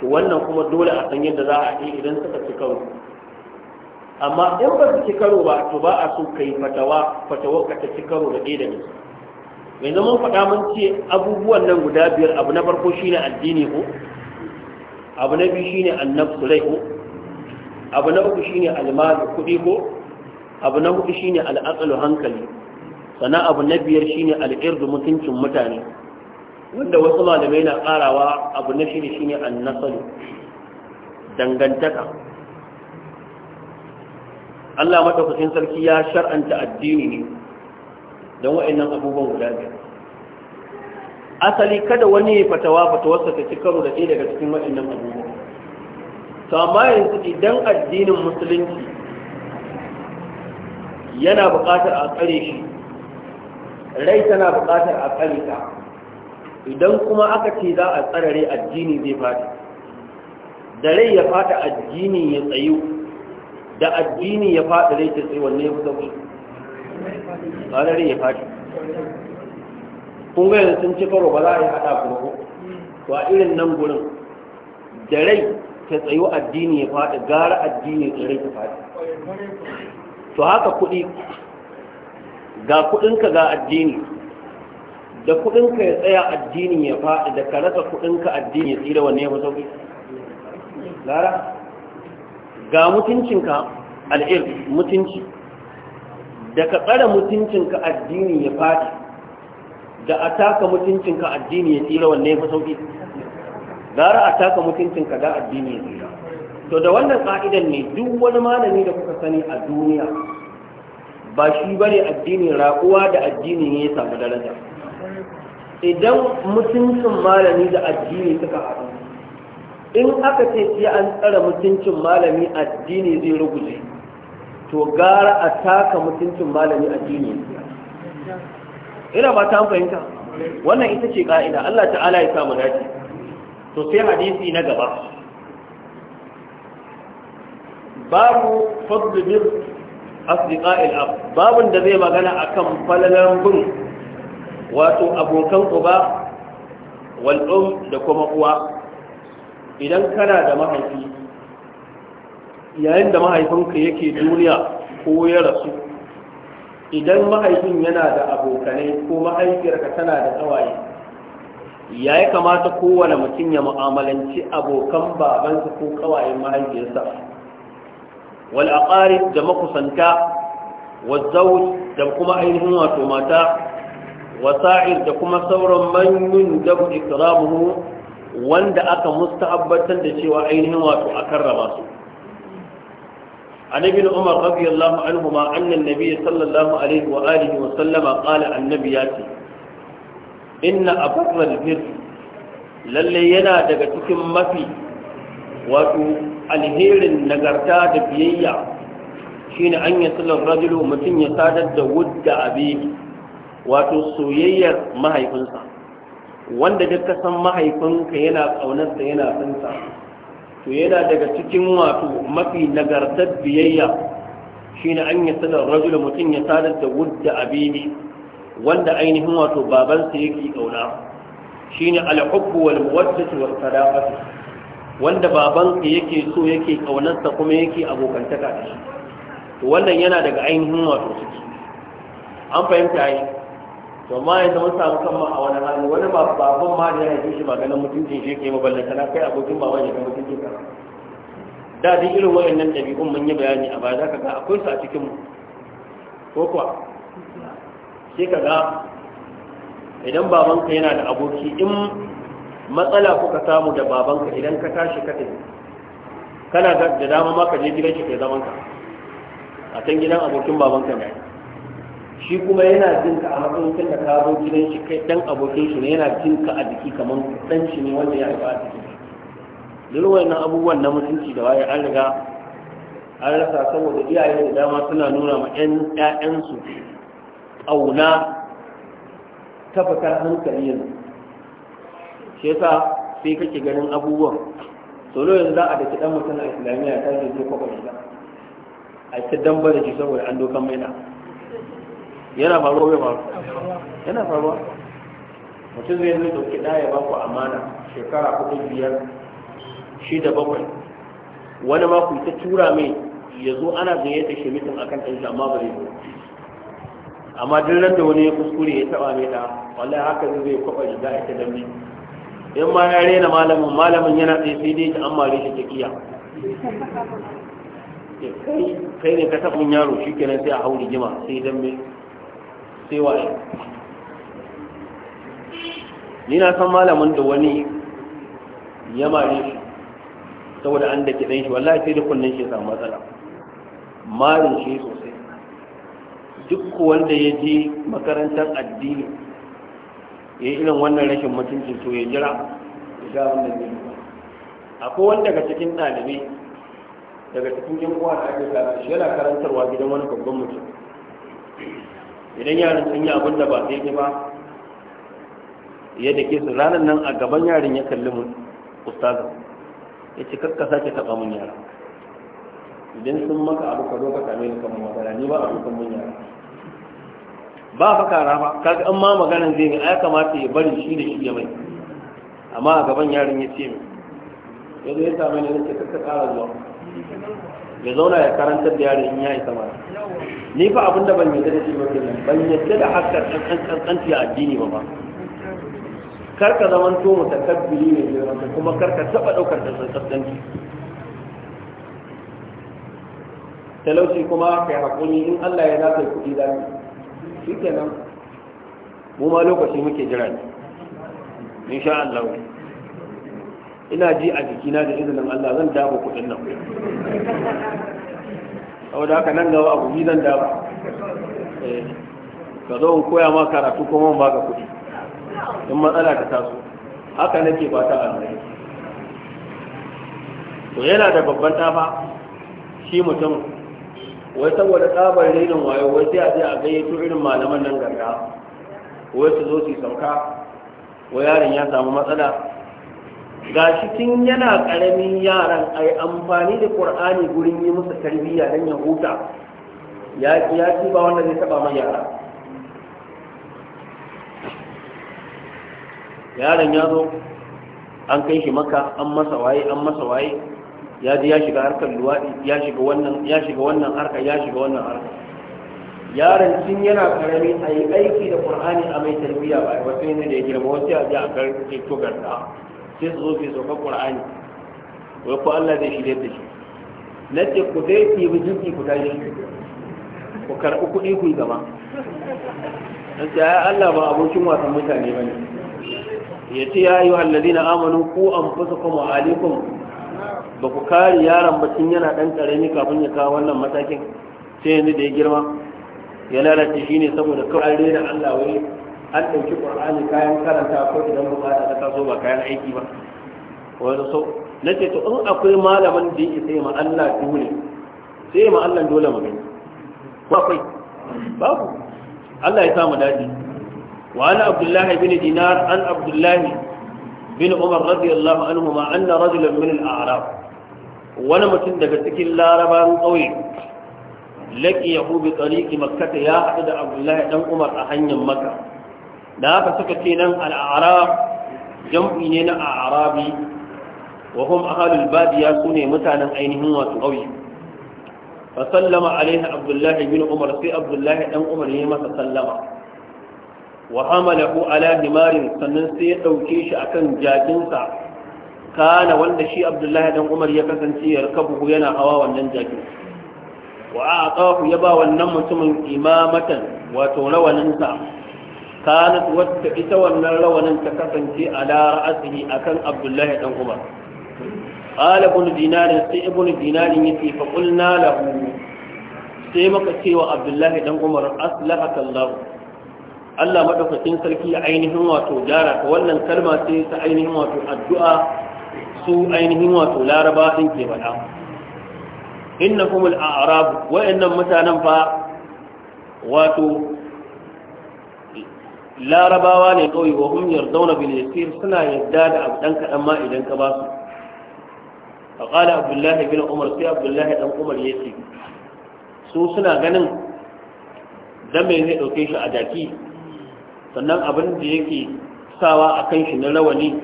A: to wannan kuma dole a san yadda za a yi idan suka ci karo amma in ba su ci karo ba to ba a so kai fatawa fatawa ka ta ci karo da ɗaya da ne mai zama faɗa mun ce abubuwan nan guda biyar abu na farko shine addini ko abu na biyu shine annabtu rai ko abu na uku shine almalu kuɗi ko abu na hudu shine al'asalu hankali sannan abu na biyar shine al'irdu mutuncin mutane wanda wasu malamai na karawa abu na shi shi ne shine nasaru, dangantaka Allah madaukakin sarki ya shar'anta addini ne don wa'annan abubuwan guda biyar asali kada wani ya fatawa fatawarsa ta ci karo da ɗaya daga cikin waɗannan abubuwan. to amma yanzu idan addinin musulunci yana buƙatar a tsare shi rai tana buƙatar a tsare ta idan kuma aka ce za a tsarare addini zai fata da rai ya fata addini ya tsayu da addini ya fata rai ta tsaye wanne ya fi sauki rai ya fata kungayen sun ci karo ba za a yi hada kuma ko to a irin nan gurin da rai ta tsayo addini ya fata gara addini ya rai ta fata to haka kudi, ga kudinka ga addini da kuɗinka ya tsaya addinin ya faɗi da ka rasa kuɗinka addini ya tsira wanne ya fi sauƙi gara ga mutuncinka al'ir mutunci da ka tsara mutuncinka addini ya faɗi da a taka mutuncinka addini ya tsira wanne ya fi sauƙi gara a taka mutuncinka da addini ya tsira to da wannan ƙa'idan ne duk wani malami da kuka sani a duniya ba shi bane addinin raƙuwa da addini ne ya samu daraja idan mutuncin malami da addini suka haɗu in aka ce sai an tsara mutuncin malami addini zai ruguje to gara a taka mutuncin malami addini ina ba ta fahimta wannan ita ce ka'ida Allah ta'ala ya samu dace to sai hadisi na gaba babu fadlu bi asdiqa al ab babun da zai magana akan falalan bin wato abokan uba wal'um da kuma uwa idan kana da mahaifi yayin da mahaifinka yake duniya ko ya rasu idan mahaifin yana da abokanai ko mahaifiyarka tana da tsawaye ya yi kamata kowane mutum ya mu'amalanci abokan babansa ko kawayen mahaifiyarsa wal da makusanta wa da kuma ainihin wato mata wasa'ir da kuma sauran manyan dabu ikramuhu wanda aka musta'abbatar da cewa ainihin wato a karrama su annabi umar radiyallahu anhu ma annan nabi sallallahu alaihi wa alihi wa sallama qala annabi yati inna afdal bir lalle yana daga cikin mafi wato alherin nagarta da biyayya shine an yi sallar rajulu mutum ya sadar da wudda abi wato soyayyar mahaifinsa wanda duk kasan san mahaifinka yana ƙaunarsa yana sansa to yana daga cikin wato mafi nagartar biyayya shine an yi sanar rajula mutum ya sadar da wudda abini wanda ainihin wato babansa yake ƙauna shine alhubbu wal muwaddatu wal sadaqatu wanda babansa yake so yake ƙaunarsa kuma yake abokantaka da shi to wannan yana daga ainihin wato ciki an fahimta yi to ma ya zama samu kanmu a wani hali wani ba baban ma da ya haife shi ba ganin mutuncin shi ke maballanta na kai abokin baban ya ga mutuncin ka da duk irin wayannan ɗabi'un mun yi bayani a baya ka ga akwai su a cikin mu ko kuwa sai ka ga idan babanka yana da aboki in matsala kuka samu da babanka idan ka tashi ka tafi kana da dama ma ka je gidan shi kai zaman ka a can gidan abokin babanka ne shi kuma yana jin ka a matsayin kai ka kawo gidan shi kai dan abokin shi ne yana jin ka a jiki kamar dan shi ne wanda ya haifa shi jiki duk wannan abubuwan na mutunci da waye an riga an rasa saboda iyaye da dama suna nuna ma ƴan su auna ta fitar hankali yanzu shi yasa sai kake ganin abubuwan solo yanzu za a da dan mutum a islamiyya ta ke ko kwakwalwa a ce dan bada shi saboda an dokan mai yana faruwa ya faru yana faruwa mutum zai zai dauki ɗaya ba ku amana shekara kudin biyar shida bakwai wani ma ku ta tura mai ya zo ana gayyata shi mutum akan ɗan shi amma ba zai zo amma duk da wani ya kuskure ya taɓa mai ta, wallahi haka zai zai kwaɓa da za'a a ta dambe in ma ya rena malamin malamin yana tsaye sai dai ta an mare shi ta kiya kai ne ka taɓa yaro shi kenan sai a hau rigima sai dambe sai ni na san malamin da wani ya mare shi saboda an da kiɗan shi wallahi sai da kunnen shi ya samu matsala marin shi sosai duk wanda ya je makarantar addini ya yi irin wannan rashin mutunci to ya jira ya ga wannan ne akwai wanda daga cikin ɗalibai daga cikin yan uwa da ake shi yana karantarwa gidan wani babban mutum idan yaran sun yi abin da ba daidai ba ya ke su ranar nan a gaban yarin ya kalli mu ustazin ya ce kakka sake taba mun yara idan sun maka abu ka zo ka same ni kamar magana ni ba a dukkan mun yara ba fa kara ba kaga an ma maganan zai ne ya kamata ya bari shi da shi ya mai amma a gaban yarin ya ce mai yadda ya same ni nake kakka ƙara zuwa ya zauna ya karantar da yare in ya isa mana ni fa abin da ban yadda da shi ba kenan ban yadda da hakkar kankanci a addini ba ba kar ka zaman to mutakabbiri ne girman kuma kar ka taba daukar da kankanci talauci kuma kai hakuri in Allah ya zaka kuɗi da shi kenan mu ma lokaci muke jira ne insha Allah ina ji a jikina da izinin Allah zan dabo kuɗin nan saboda haka nan gaba abu zan dabo eh, ka zo in koya ma karatu kuma ba ka kuɗi in matsala ka taso haka nake ba ta alheri to yana da babban tafa shi mutum wai saboda tsabar rainin wayo wai sai a je a gayyato irin malaman nan garga wai su zo su sauka wai yaron ya samu matsala gashi tun yana ƙaramin yaran a yi amfani da ƙur'ani gurin yi masa tarbiyya don ya huta ya ci ba wanda zai taɓa mai yara yaron ya zo an kai shi maka an masa waye an masa waye ya ji ya shiga harkar luwaɗi ya shiga wannan ya shiga wannan harka ya shiga wannan harka yaron tun yana karami a yi aiki da ƙur'ani a mai tarbiyya ba wasu ne da ya girma wasu ya ji a kan ceto garda sai su zo su sauka qur'ani wai ko Allah zai shirye da shi Na ce ku dai ku yi bijinki ku tashi ku karɓi kuɗi ku yi gaba An ce ya Allah ba abokin wasan mutane ba ne. ya ce ya yi wa alladina amanu ku anfusakum kuma alaikum ba ku kare yaron ba tun yana ɗan ƙarami kafin ya kawo wannan matakin sai yanzu da ya girma Yana da shi ne saboda kawai an rena Allah wai an ɗauki ƙur'ani kayan karanta ko idan bukata ta taso ba kayan aiki ba wani so na ce to in akwai malamin da yake sai ma Allah dole sai ma Allah dole mu gani ko akwai babu Allah ya sa mu dace wa ana Abdullahi bin Dinar an Abdullahi bin Umar radiyallahu anhu anhuma na rajulan min al-a'rab wani mutum daga cikin laraban ƙauye laƙi yahu bi tsariki makkata ya haɗu da abdullahi ɗan umar a hanyar makka da haka suka ce nan al'arab jam'i ne na arabi wa hum ahalul badiya su ne mutanen ainihin wasu ƙauye fa sallama alaihi abdullahi bin umar sai abdullahi dan umar ya masa sallama wa hamalahu ala himarin sannan sai ya dauke shi akan jakinsa kana wanda shi abdullahi dan umar ya kasance ya rakabu yana hawa wannan jakin wa aqahu ya ba wannan mutumin imamatan wato rawaninsa kanat wata ita wannan rawanin ta kasance a asiri a kan abdullahi dan umar qala ibn dinar sai ibn ya ce fa qulna lahu sai maka wa abdullahi dan umar aslahaka allah Allah madaukakin sarki a ainihin wato gyara ta wannan kalma sai ta ainihin wato addu'a su ainihin wato laraba din ke faɗa innakum al-a'rab wa'annan mutanen fa wato larabawa ne kawai wa hum yardawna bil yasir suna yadda da abu dan kadan ma idan ka ba su fa qala abdullah bin umar sai abdullah dan umar yace su suna ganin dan me zai dauke shi a jaki sannan abin da yake sawa a kan shi na rawani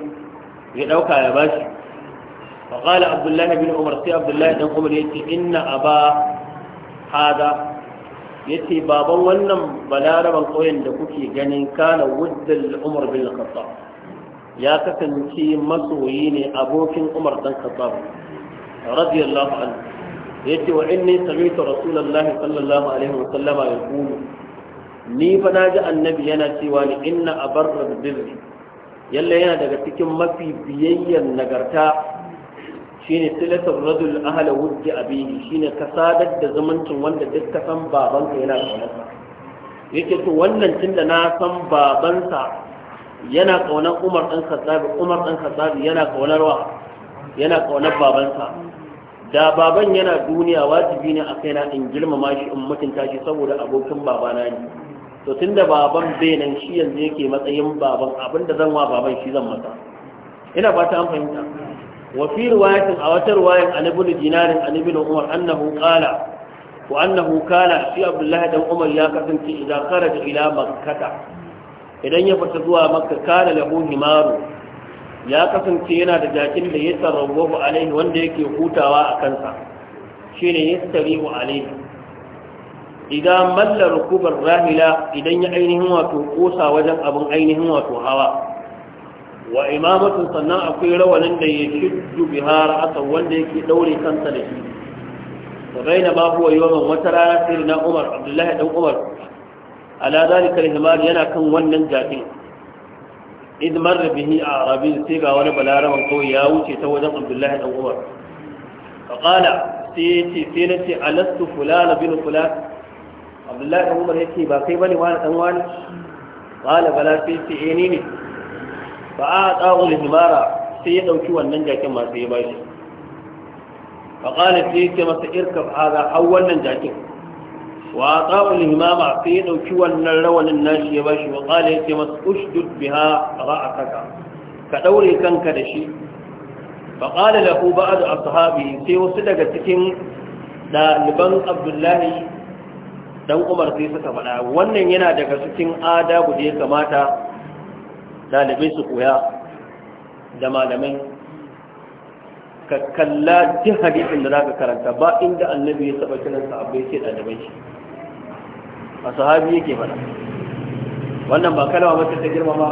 A: ya dauka ya bashi fa qala abdullah bin umar sai abdullah dan umar yace inna aba hada ya ce baban wannan balaraban ƙauyen da kuke ganin kana wuddal umar bin khattab ya kasance masoyi ne abokin umar dan khattab radiyallahu anhu ya ce wa inni sami'tu rasulullahi sallallahu alaihi wa sallama ya yaqulu ni fa na ji annabi yana cewa ni inna abarra birri yalla yana daga cikin mafi biyayyar nagarta shine silatul radul ahla wujji abihi shine ka sadar da zumuncin wanda duk ka san babanka yana kaunarsa yake to wannan tunda na san babansa yana kaunar Umar dan Khattab Umar dan Khattab yana kaunar wa yana kaunar babansa da baban yana duniya wajibi ne a kaina in girmama shi in mutunta shi saboda abokin babana ne to tunda baban bai nan shi yanzu yake matsayin baban abinda zan wa baban shi zan masa ina ba ta fahimta وفي رواية أو رواية عن ابن دينار عن ابن عمر أنه قال وأنه كان في عبد الله بن عمر يا كفنتي إذا خرج إلى مكة إذا يفتزوا مكة كان له همار يا كفنتي هنا دجاجين ليتروه عليه وندك يقوتوا أكنسا شين يستريح عليه إذا مل ركوب الراهلة إذا يعينهم وتوقوسا وجن أبن عينهم وتوهوا wa imamatun sannan akwai rawanin da ya shiddu bihar asan wanda yake daure kansa da shi wa baina ma huwa yawman wata rana sai na Umar Abdullahi Ɗan Umar ala zalika himar yana kan wannan jafin. id da bihi a arabin sai ga wani balaraban kawai ya wuce ta wajen Abdullahi Ɗan Umar fa qala sai na ce sai nace alastu fulana bin fulan Abdullahi Ɗan Umar yake ba kai bane wani dan wani qala bala sai ce eh ne Ba a da himara sai ya ɗauki wannan jakin masu yi bashi ba ƙalar sai ce masa irka haza hau wannan jakin wa a da himama sai ya ɗauki wannan rawanin nashi ya bashi ba ƙalar ya ce masa ushdud biha ba a saka ka ɗaure kanka da shi fa ƙalar lahu a sahabi sai wasu daga cikin ɗaliban abdullahi dan umar sai suka faɗa wannan yana daga cikin adabu da ya kamata Dalibai su koya da malamai ka kalla duk hadisin da za ka karanta ba inda annabi ya saba kiran sahabbai ce dalibai shi a sahabi yake mana wannan ba kalma mace ta girmama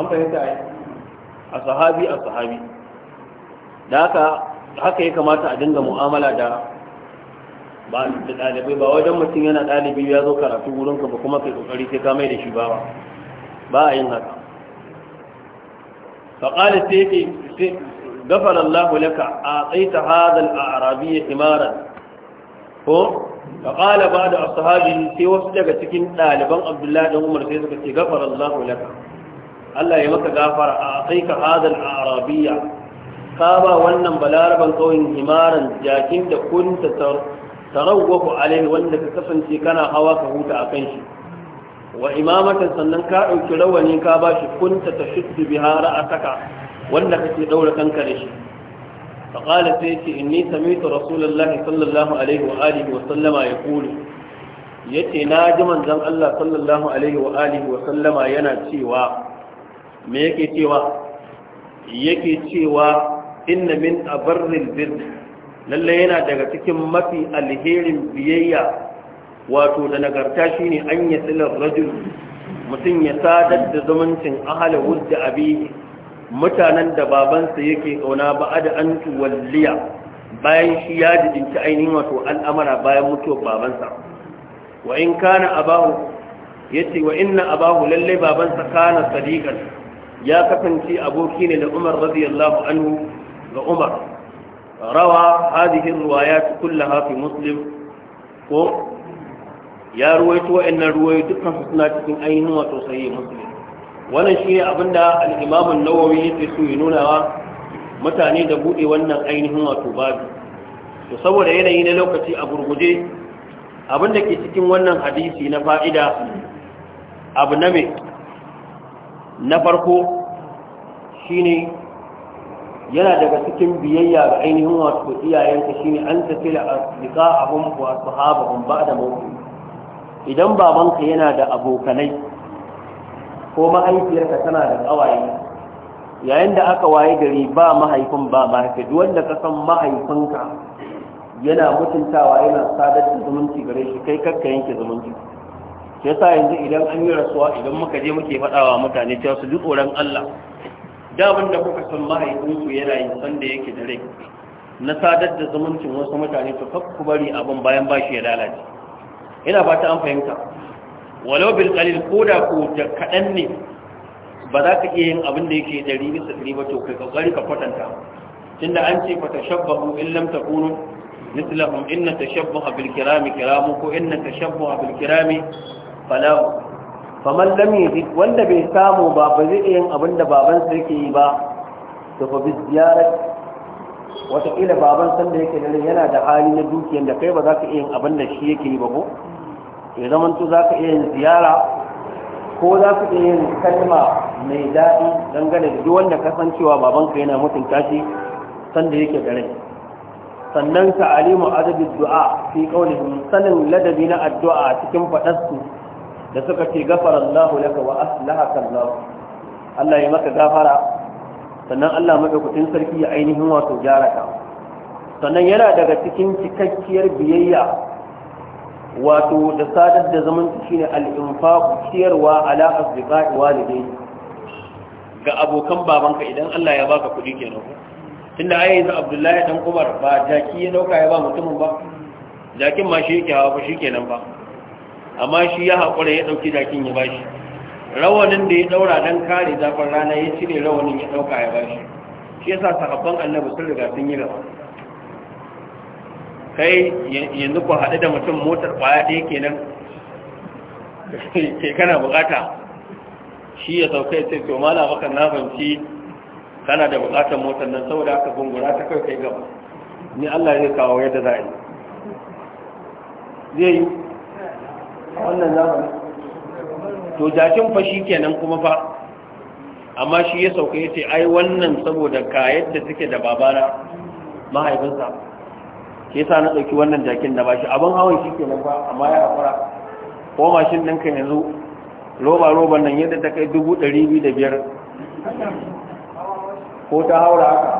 A: an fahimta ai a sahabi a sahabi da haka haka ya kamata a dinga mu'amala da ba da dalibai ba wajen mutum yana dalibi ya zo karatu wurinka ba kuma kai kokari sai ka mai da shi ba ba a yin haka faƙali sai yake gafar Allah laka a tsaita hadal a arabiya himaran ko faƙala ba da asahabi sai wasu daga cikin ɗaliban abdullahi da umar sai suka ce gafar Allah laka Allah ya maka gafara a tsaika hadal a arabiya ka ba wannan balaraban ƙauyen himaran jakin da kunta tarawwaku alaihi wanda ka kasance kana hawa ka huta a kan shi wa imamatan sannan ka ɗauki rawani ka ba shi kunta ta shuddu biha ra'ataka wanda kake ɗaura kanka da shi fa qala sai ce inni sami'tu rasulullahi sallallahu alaihi wa alihi wa sallama yaqulu yace na ji manzon Allah sallallahu alaihi wa alihi wa sallama yana cewa me yake cewa yake cewa inna min abarril bir lalle yana daga cikin mafi alherin biyayya wato da nagarta shine an yi silar rajul mutum ya sadar da zumuncin ahala wudda abi mutanen da babansa yake kauna ba a da an tuwalliya bayan shi ya jidinci ainihin wato al'amara bayan mutuwar babansa wa in kana abahu yace wa inna abahu lalle babansa kana sadiqan ya kasance aboki ne da Umar radiyallahu anhu ga Umar rawa hadhihi riwayat kullaha fi muslim ko ya ruwaito wa'annan ruwayo dukkan su suna cikin ainihin wato sahih muslim wannan shi ne abin da al'imamun nawawi yake so ya nuna wa mutane da buɗe wannan ainihin wato babu to saboda yanayi na lokaci a gurguje abin da ke cikin wannan hadisi na fa'ida abu na me na farko shi ne yana daga cikin biyayya ga ainihin wato iyayenka ne an tafi da a ahum wa sahabahum ba'da mawtu idan babanka yana da abokanai ko mahaifiyarka tana da kawaye, yayin da aka waye gari ba mahaifin ba mahaifi duk wanda ka san mahaifinka yana mutuntawa yana sadar da zumunci gare shi kai kakka yanke zumunci shi yasa yanzu idan an yi rasuwa idan muka je muke faɗawa mutane cewa su ji tsoron Allah da da kuka san mahaifinku yana yin sanda yake da rai na sadar da zumuncin wasu mutane to kakku bari abin bayan bashi ya lalace ina fata an fahimta walau bil ko da ko da kadan ne ba za ka iya yin abin da yake dari bisa dari ba to kai kokari ka kwatanta tunda an ce fa tashabbahu in lam takunu mislahum na tashabbaha bil kirami kiramu ko in inna tashabbaha bil kirami falahu faman lam yajid wanda bai samu ba ba zai iya yin abin da babansa yake yi ba to fa bi ziyarat wataƙila baban san da yake dare yana da hali na dukiyar da kai ba za ka iya yin abin da shi yake yi ba ko ya zamantu za ka iya yin ziyara ko za ka iya yin kalma mai daɗi dangane da duk wanda cewa babanka yana mutunta shi sanda yake da sannan ka alimu adabin du'a fi qawlihim sanin ladabi na addu'a cikin faɗarsu da suka ce gafara Allahu laka wa aslahaka Allah Allah ya maka gafara sannan Allah kutin sarki ya ainihin wato gyara ka sannan yana daga cikin cikakkiyar biyayya wato da sadar da zumunci shine al-infaq ciyarwa ala asbiqai walidai ga abokan babanka idan Allah ya baka kuɗi kenan tunda ai yanzu Abdullahi dan Umar ba jaki ya dauka ya ba mutumin ba jakin ma shi yake hawa shi kenan ba amma shi ya hakura ya dauki jakin ya bashi rawanin da ya daura dan kare zafin rana ya cire rawanin ya dauka ya bashi shi yasa sahabban Annabi sun riga sun yi rawa kai yanzu ku haɗu da mutum motar ƙwaya ɗaya kenan ke kana bukata shi ya sauka ya ce to mala baka na banci kana da bukatar motar nan saboda aka gungura ta kai kai gaba ni Allah zai kawo yadda za a yi zai yi wannan zamani to jakin fa shi kenan kuma fa amma shi ya sauka ya ce ai wannan saboda ka yadda suke da babana mahaifinsa ke sa na ɗauki wannan jakin da bashi abin hawan shi ke nan ba amma ya haƙura ko mashin ka yanzu roba roban nan yadda ta kai dubu ɗari biyu da biyar ko ta haura haka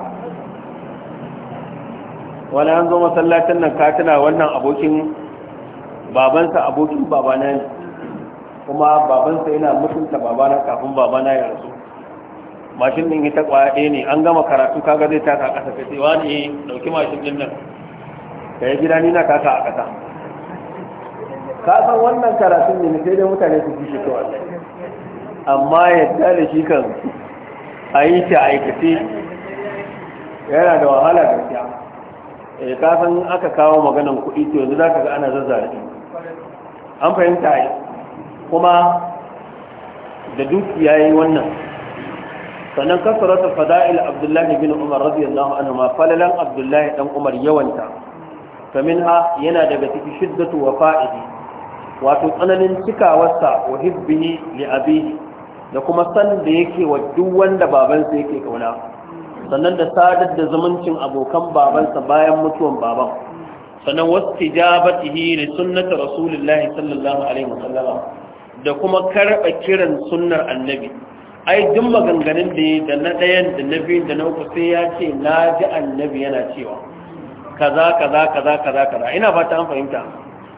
A: wani an zo masallacin nan katina wannan abokin babansa abokin babana ne kuma babansa yana mutunta babana kafin babana ya rasu mashin din ita ƙwaya ɗaya ne an gama karatu kaga zai taka ƙasa ka ce wani ɗauki mashin din nan ka yi gida ni na kasa a kasa ka san wannan karatun ne sai dai mutane su fi shi to amma yadda da shi kan a yi shi a aikace yana da wahala gaskiya eh ka san aka kawo maganan kuɗi to yanzu za ka ga ana zazzare an fahimta ai kuma da dukiya yi wannan sannan kasarata fada'il abdullahi bin umar radiyallahu anhu ma falalan abdullahi dan umar yawanta faminha yana daga ciki shiddatu wa fa'idi wato tsananin cikawarsa wa hibbihi li abihi da kuma san da yake wa duk wanda babansa yake kauna sannan da sadar da zumuncin abokan babansa bayan mutuwan baban sannan wasu tijabatihi li sunnati rasulillahi sallallahu alaihi wasallam da kuma karɓa kiran sunnar annabi ai duk maganganun da da na ɗayan da na biyun da na uku sai ya ce na ji annabi yana cewa kaza kaza kaza kaza kaza ina fata an fahimta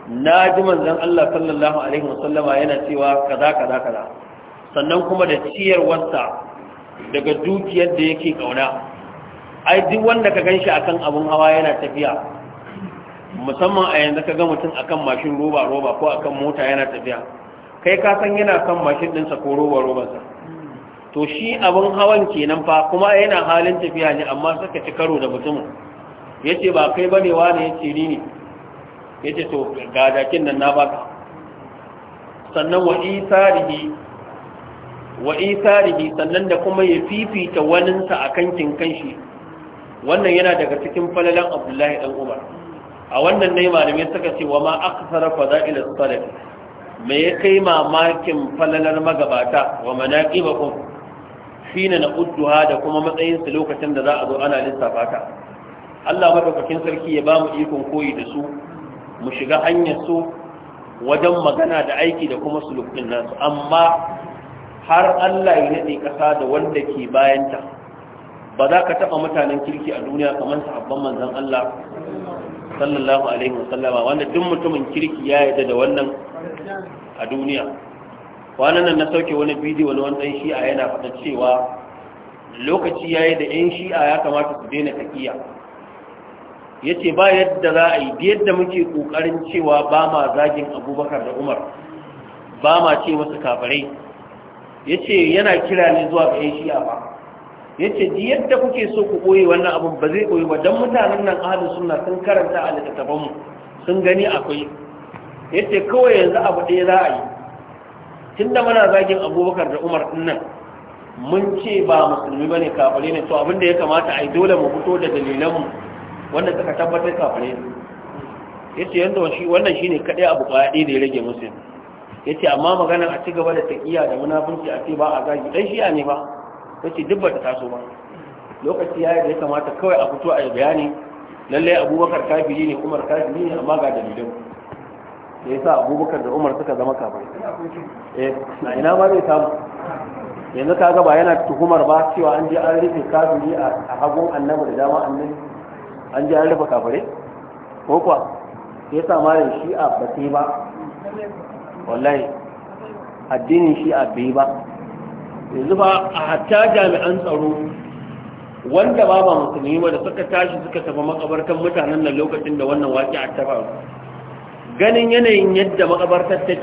A: na ji manzon Allah sallallahu alaihi wasallama yana cewa kaza kaza kaza sannan kuma da ciyarwarsa daga dukiyar da yake kauna ai duk wanda ka ganshi akan abun hawa yana tafiya musamman a yanzu ka ga mutum akan mashin roba roba ko akan mota yana tafiya kai ka san yana kan mashin din sa ko roba sa to shi abin hawan kenan fa kuma yana halin tafiya ne amma saka ci karo da mutumin yace ba kai bane ya yace ni ne ce to ga jakin nan na baka sannan wa isarihi sannan da kuma ya fifita waninsa a kankin shi wannan yana daga cikin falalan Abdullahi dan Umar a wannan ne malamai suka ce wa ma akthara fadail as-salaf me ya kai mamakin falalar magabata wa manaqibakum fina na uduha da kuma matsayinsu lokacin da za a zo ana lissafa ta Allah madaukakin sarki ya ba mu ikon koyi da su mu shiga hanyar su wajen magana da aiki da kuma sulukin nasu amma har Allah ya nade kasa da wanda ke bayanta ba za ka taba mutanen kirki a duniya kamar sahabban manzon Allah sallallahu alaihi wasallama wanda duk mutumin kirki ya yarda da wannan a duniya kwanan nan na sauke wani bidiyo na shi shi'a yana faɗa cewa lokaci yayi da yan shi'a ya kamata su daina taƙiya ya ce ba yadda za a yi da yadda muke ƙoƙarin cewa ba ma zagin abubakar da umar ba ma ce wasu kafare. ya ce yana kira ne zuwa ga shi'a ba ya ce da yadda kuke so ku ɓoye wannan abin ba zai ɓoye ba don mutanen nan ahalin suna sun karanta a littattafanmu sun gani akwai ya ce kawai yanzu abu ɗaya za a yi tun da mana zagin abubakar da umar ɗin nan mun ce ba musulmi ba ne kafare ne to abin da ya kamata a yi dole mu fito da dalilanmu wanda suka tabbatar kafare ya ce yadda wannan shi ne kaɗai abu ƙwaya ɗaya da ya rage musu ya ce amma maganar a ci gaba da taƙiya da munafunci a ce ba a zagi ɗan shiya ne ba ya ce duk ba ta taso ba lokaci ya yi da ya kamata kawai a fito a yi bayani lallai abubakar kafiri ne umar kafiri ne amma ga dalilan da ya sa abubakar da umar suka zama kafai eh na ina ma zai samu yanzu ka gaba yana tuhumar ba cewa an je an rufe kafiri a hagun annabi da dama annabi an ji an rufe kafare ko kuwa ya sa malam shi'a ba yi ba wallahi addinin shi'a bai ba yanzu ba a hatta jami'an tsaro wanda ba ba musulmi ba da suka tashi suka tafi makabartan mutanen na lokacin da wannan waƙi a tafa ganin yanayin yadda makabartar take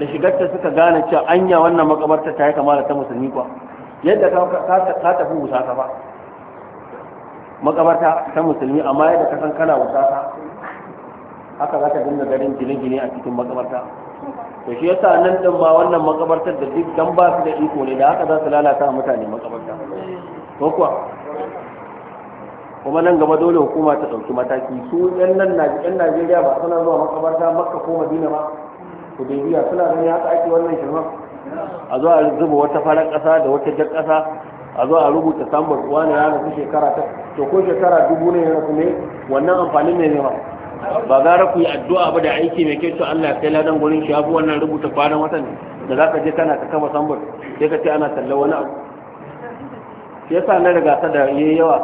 A: da shigarta suka gane cewa anya wannan makabartar ta yi kama da ta musulmi kuwa yadda ka tafi musa ta ba makabarta ta musulmi amma yadda ka san kana wuta ta haka za ka dinga garin gine-gine a cikin makabarta
B: to shi yasa nan din ba wannan
A: makabartar da duk dan ba su da iko ne da haka za su lalata mutane makabarta ko kuwa kuma nan gaba dole hukuma ta ɗauki mataki su yan nan yan Najeriya ba suna zuwa makabarta Makka ko Madina ba ku dai biya suna ganin haka ake wannan shirman a zuwa zuba wata farar ƙasa da wata jar ƙasa a zo a rubuta samun uwa ne ya rasu shekara ta to ko shekara dubu ne ya rasu ne wannan amfanin ne ne ba ba gara ku yi addu'a ba da aiki mai kyau to Allah ya kai ladan gurin shi abu wannan rubuta kwanan watan da za ka je kana ta kama samun sai ka ce ana talla wani abu shi yasa na riga ta da yi yawa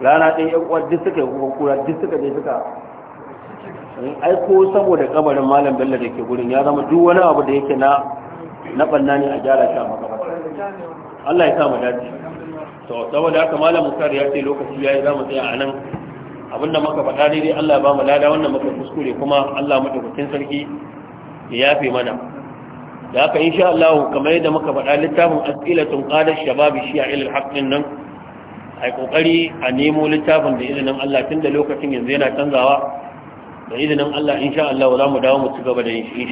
A: rana ɗin ƴan uwa duk suka yi kura duk suka je suka ai ko saboda kabarin malam bello da ke gurin ya zama duk wani abu da yake na na ne a gyara shi
B: a Allah ya sa mu dace
A: to saboda haka malam Mukar ya ce lokaci yayi za mu tsaya a nan abinda muka faɗa dai-dai, Allah ba mu lada wannan muka kuskure kuma Allah madaukakin sarki ya yafe mana da haka insha Allah kamar yadda muka faɗa littafin as'ilatun qadash shababi shi'a ila al nan ai kokari a nemo littafin da izinin Allah tunda lokacin yanzu yana canzawa da izinin Allah insha Allah za mu dawo mu ci gaba da insha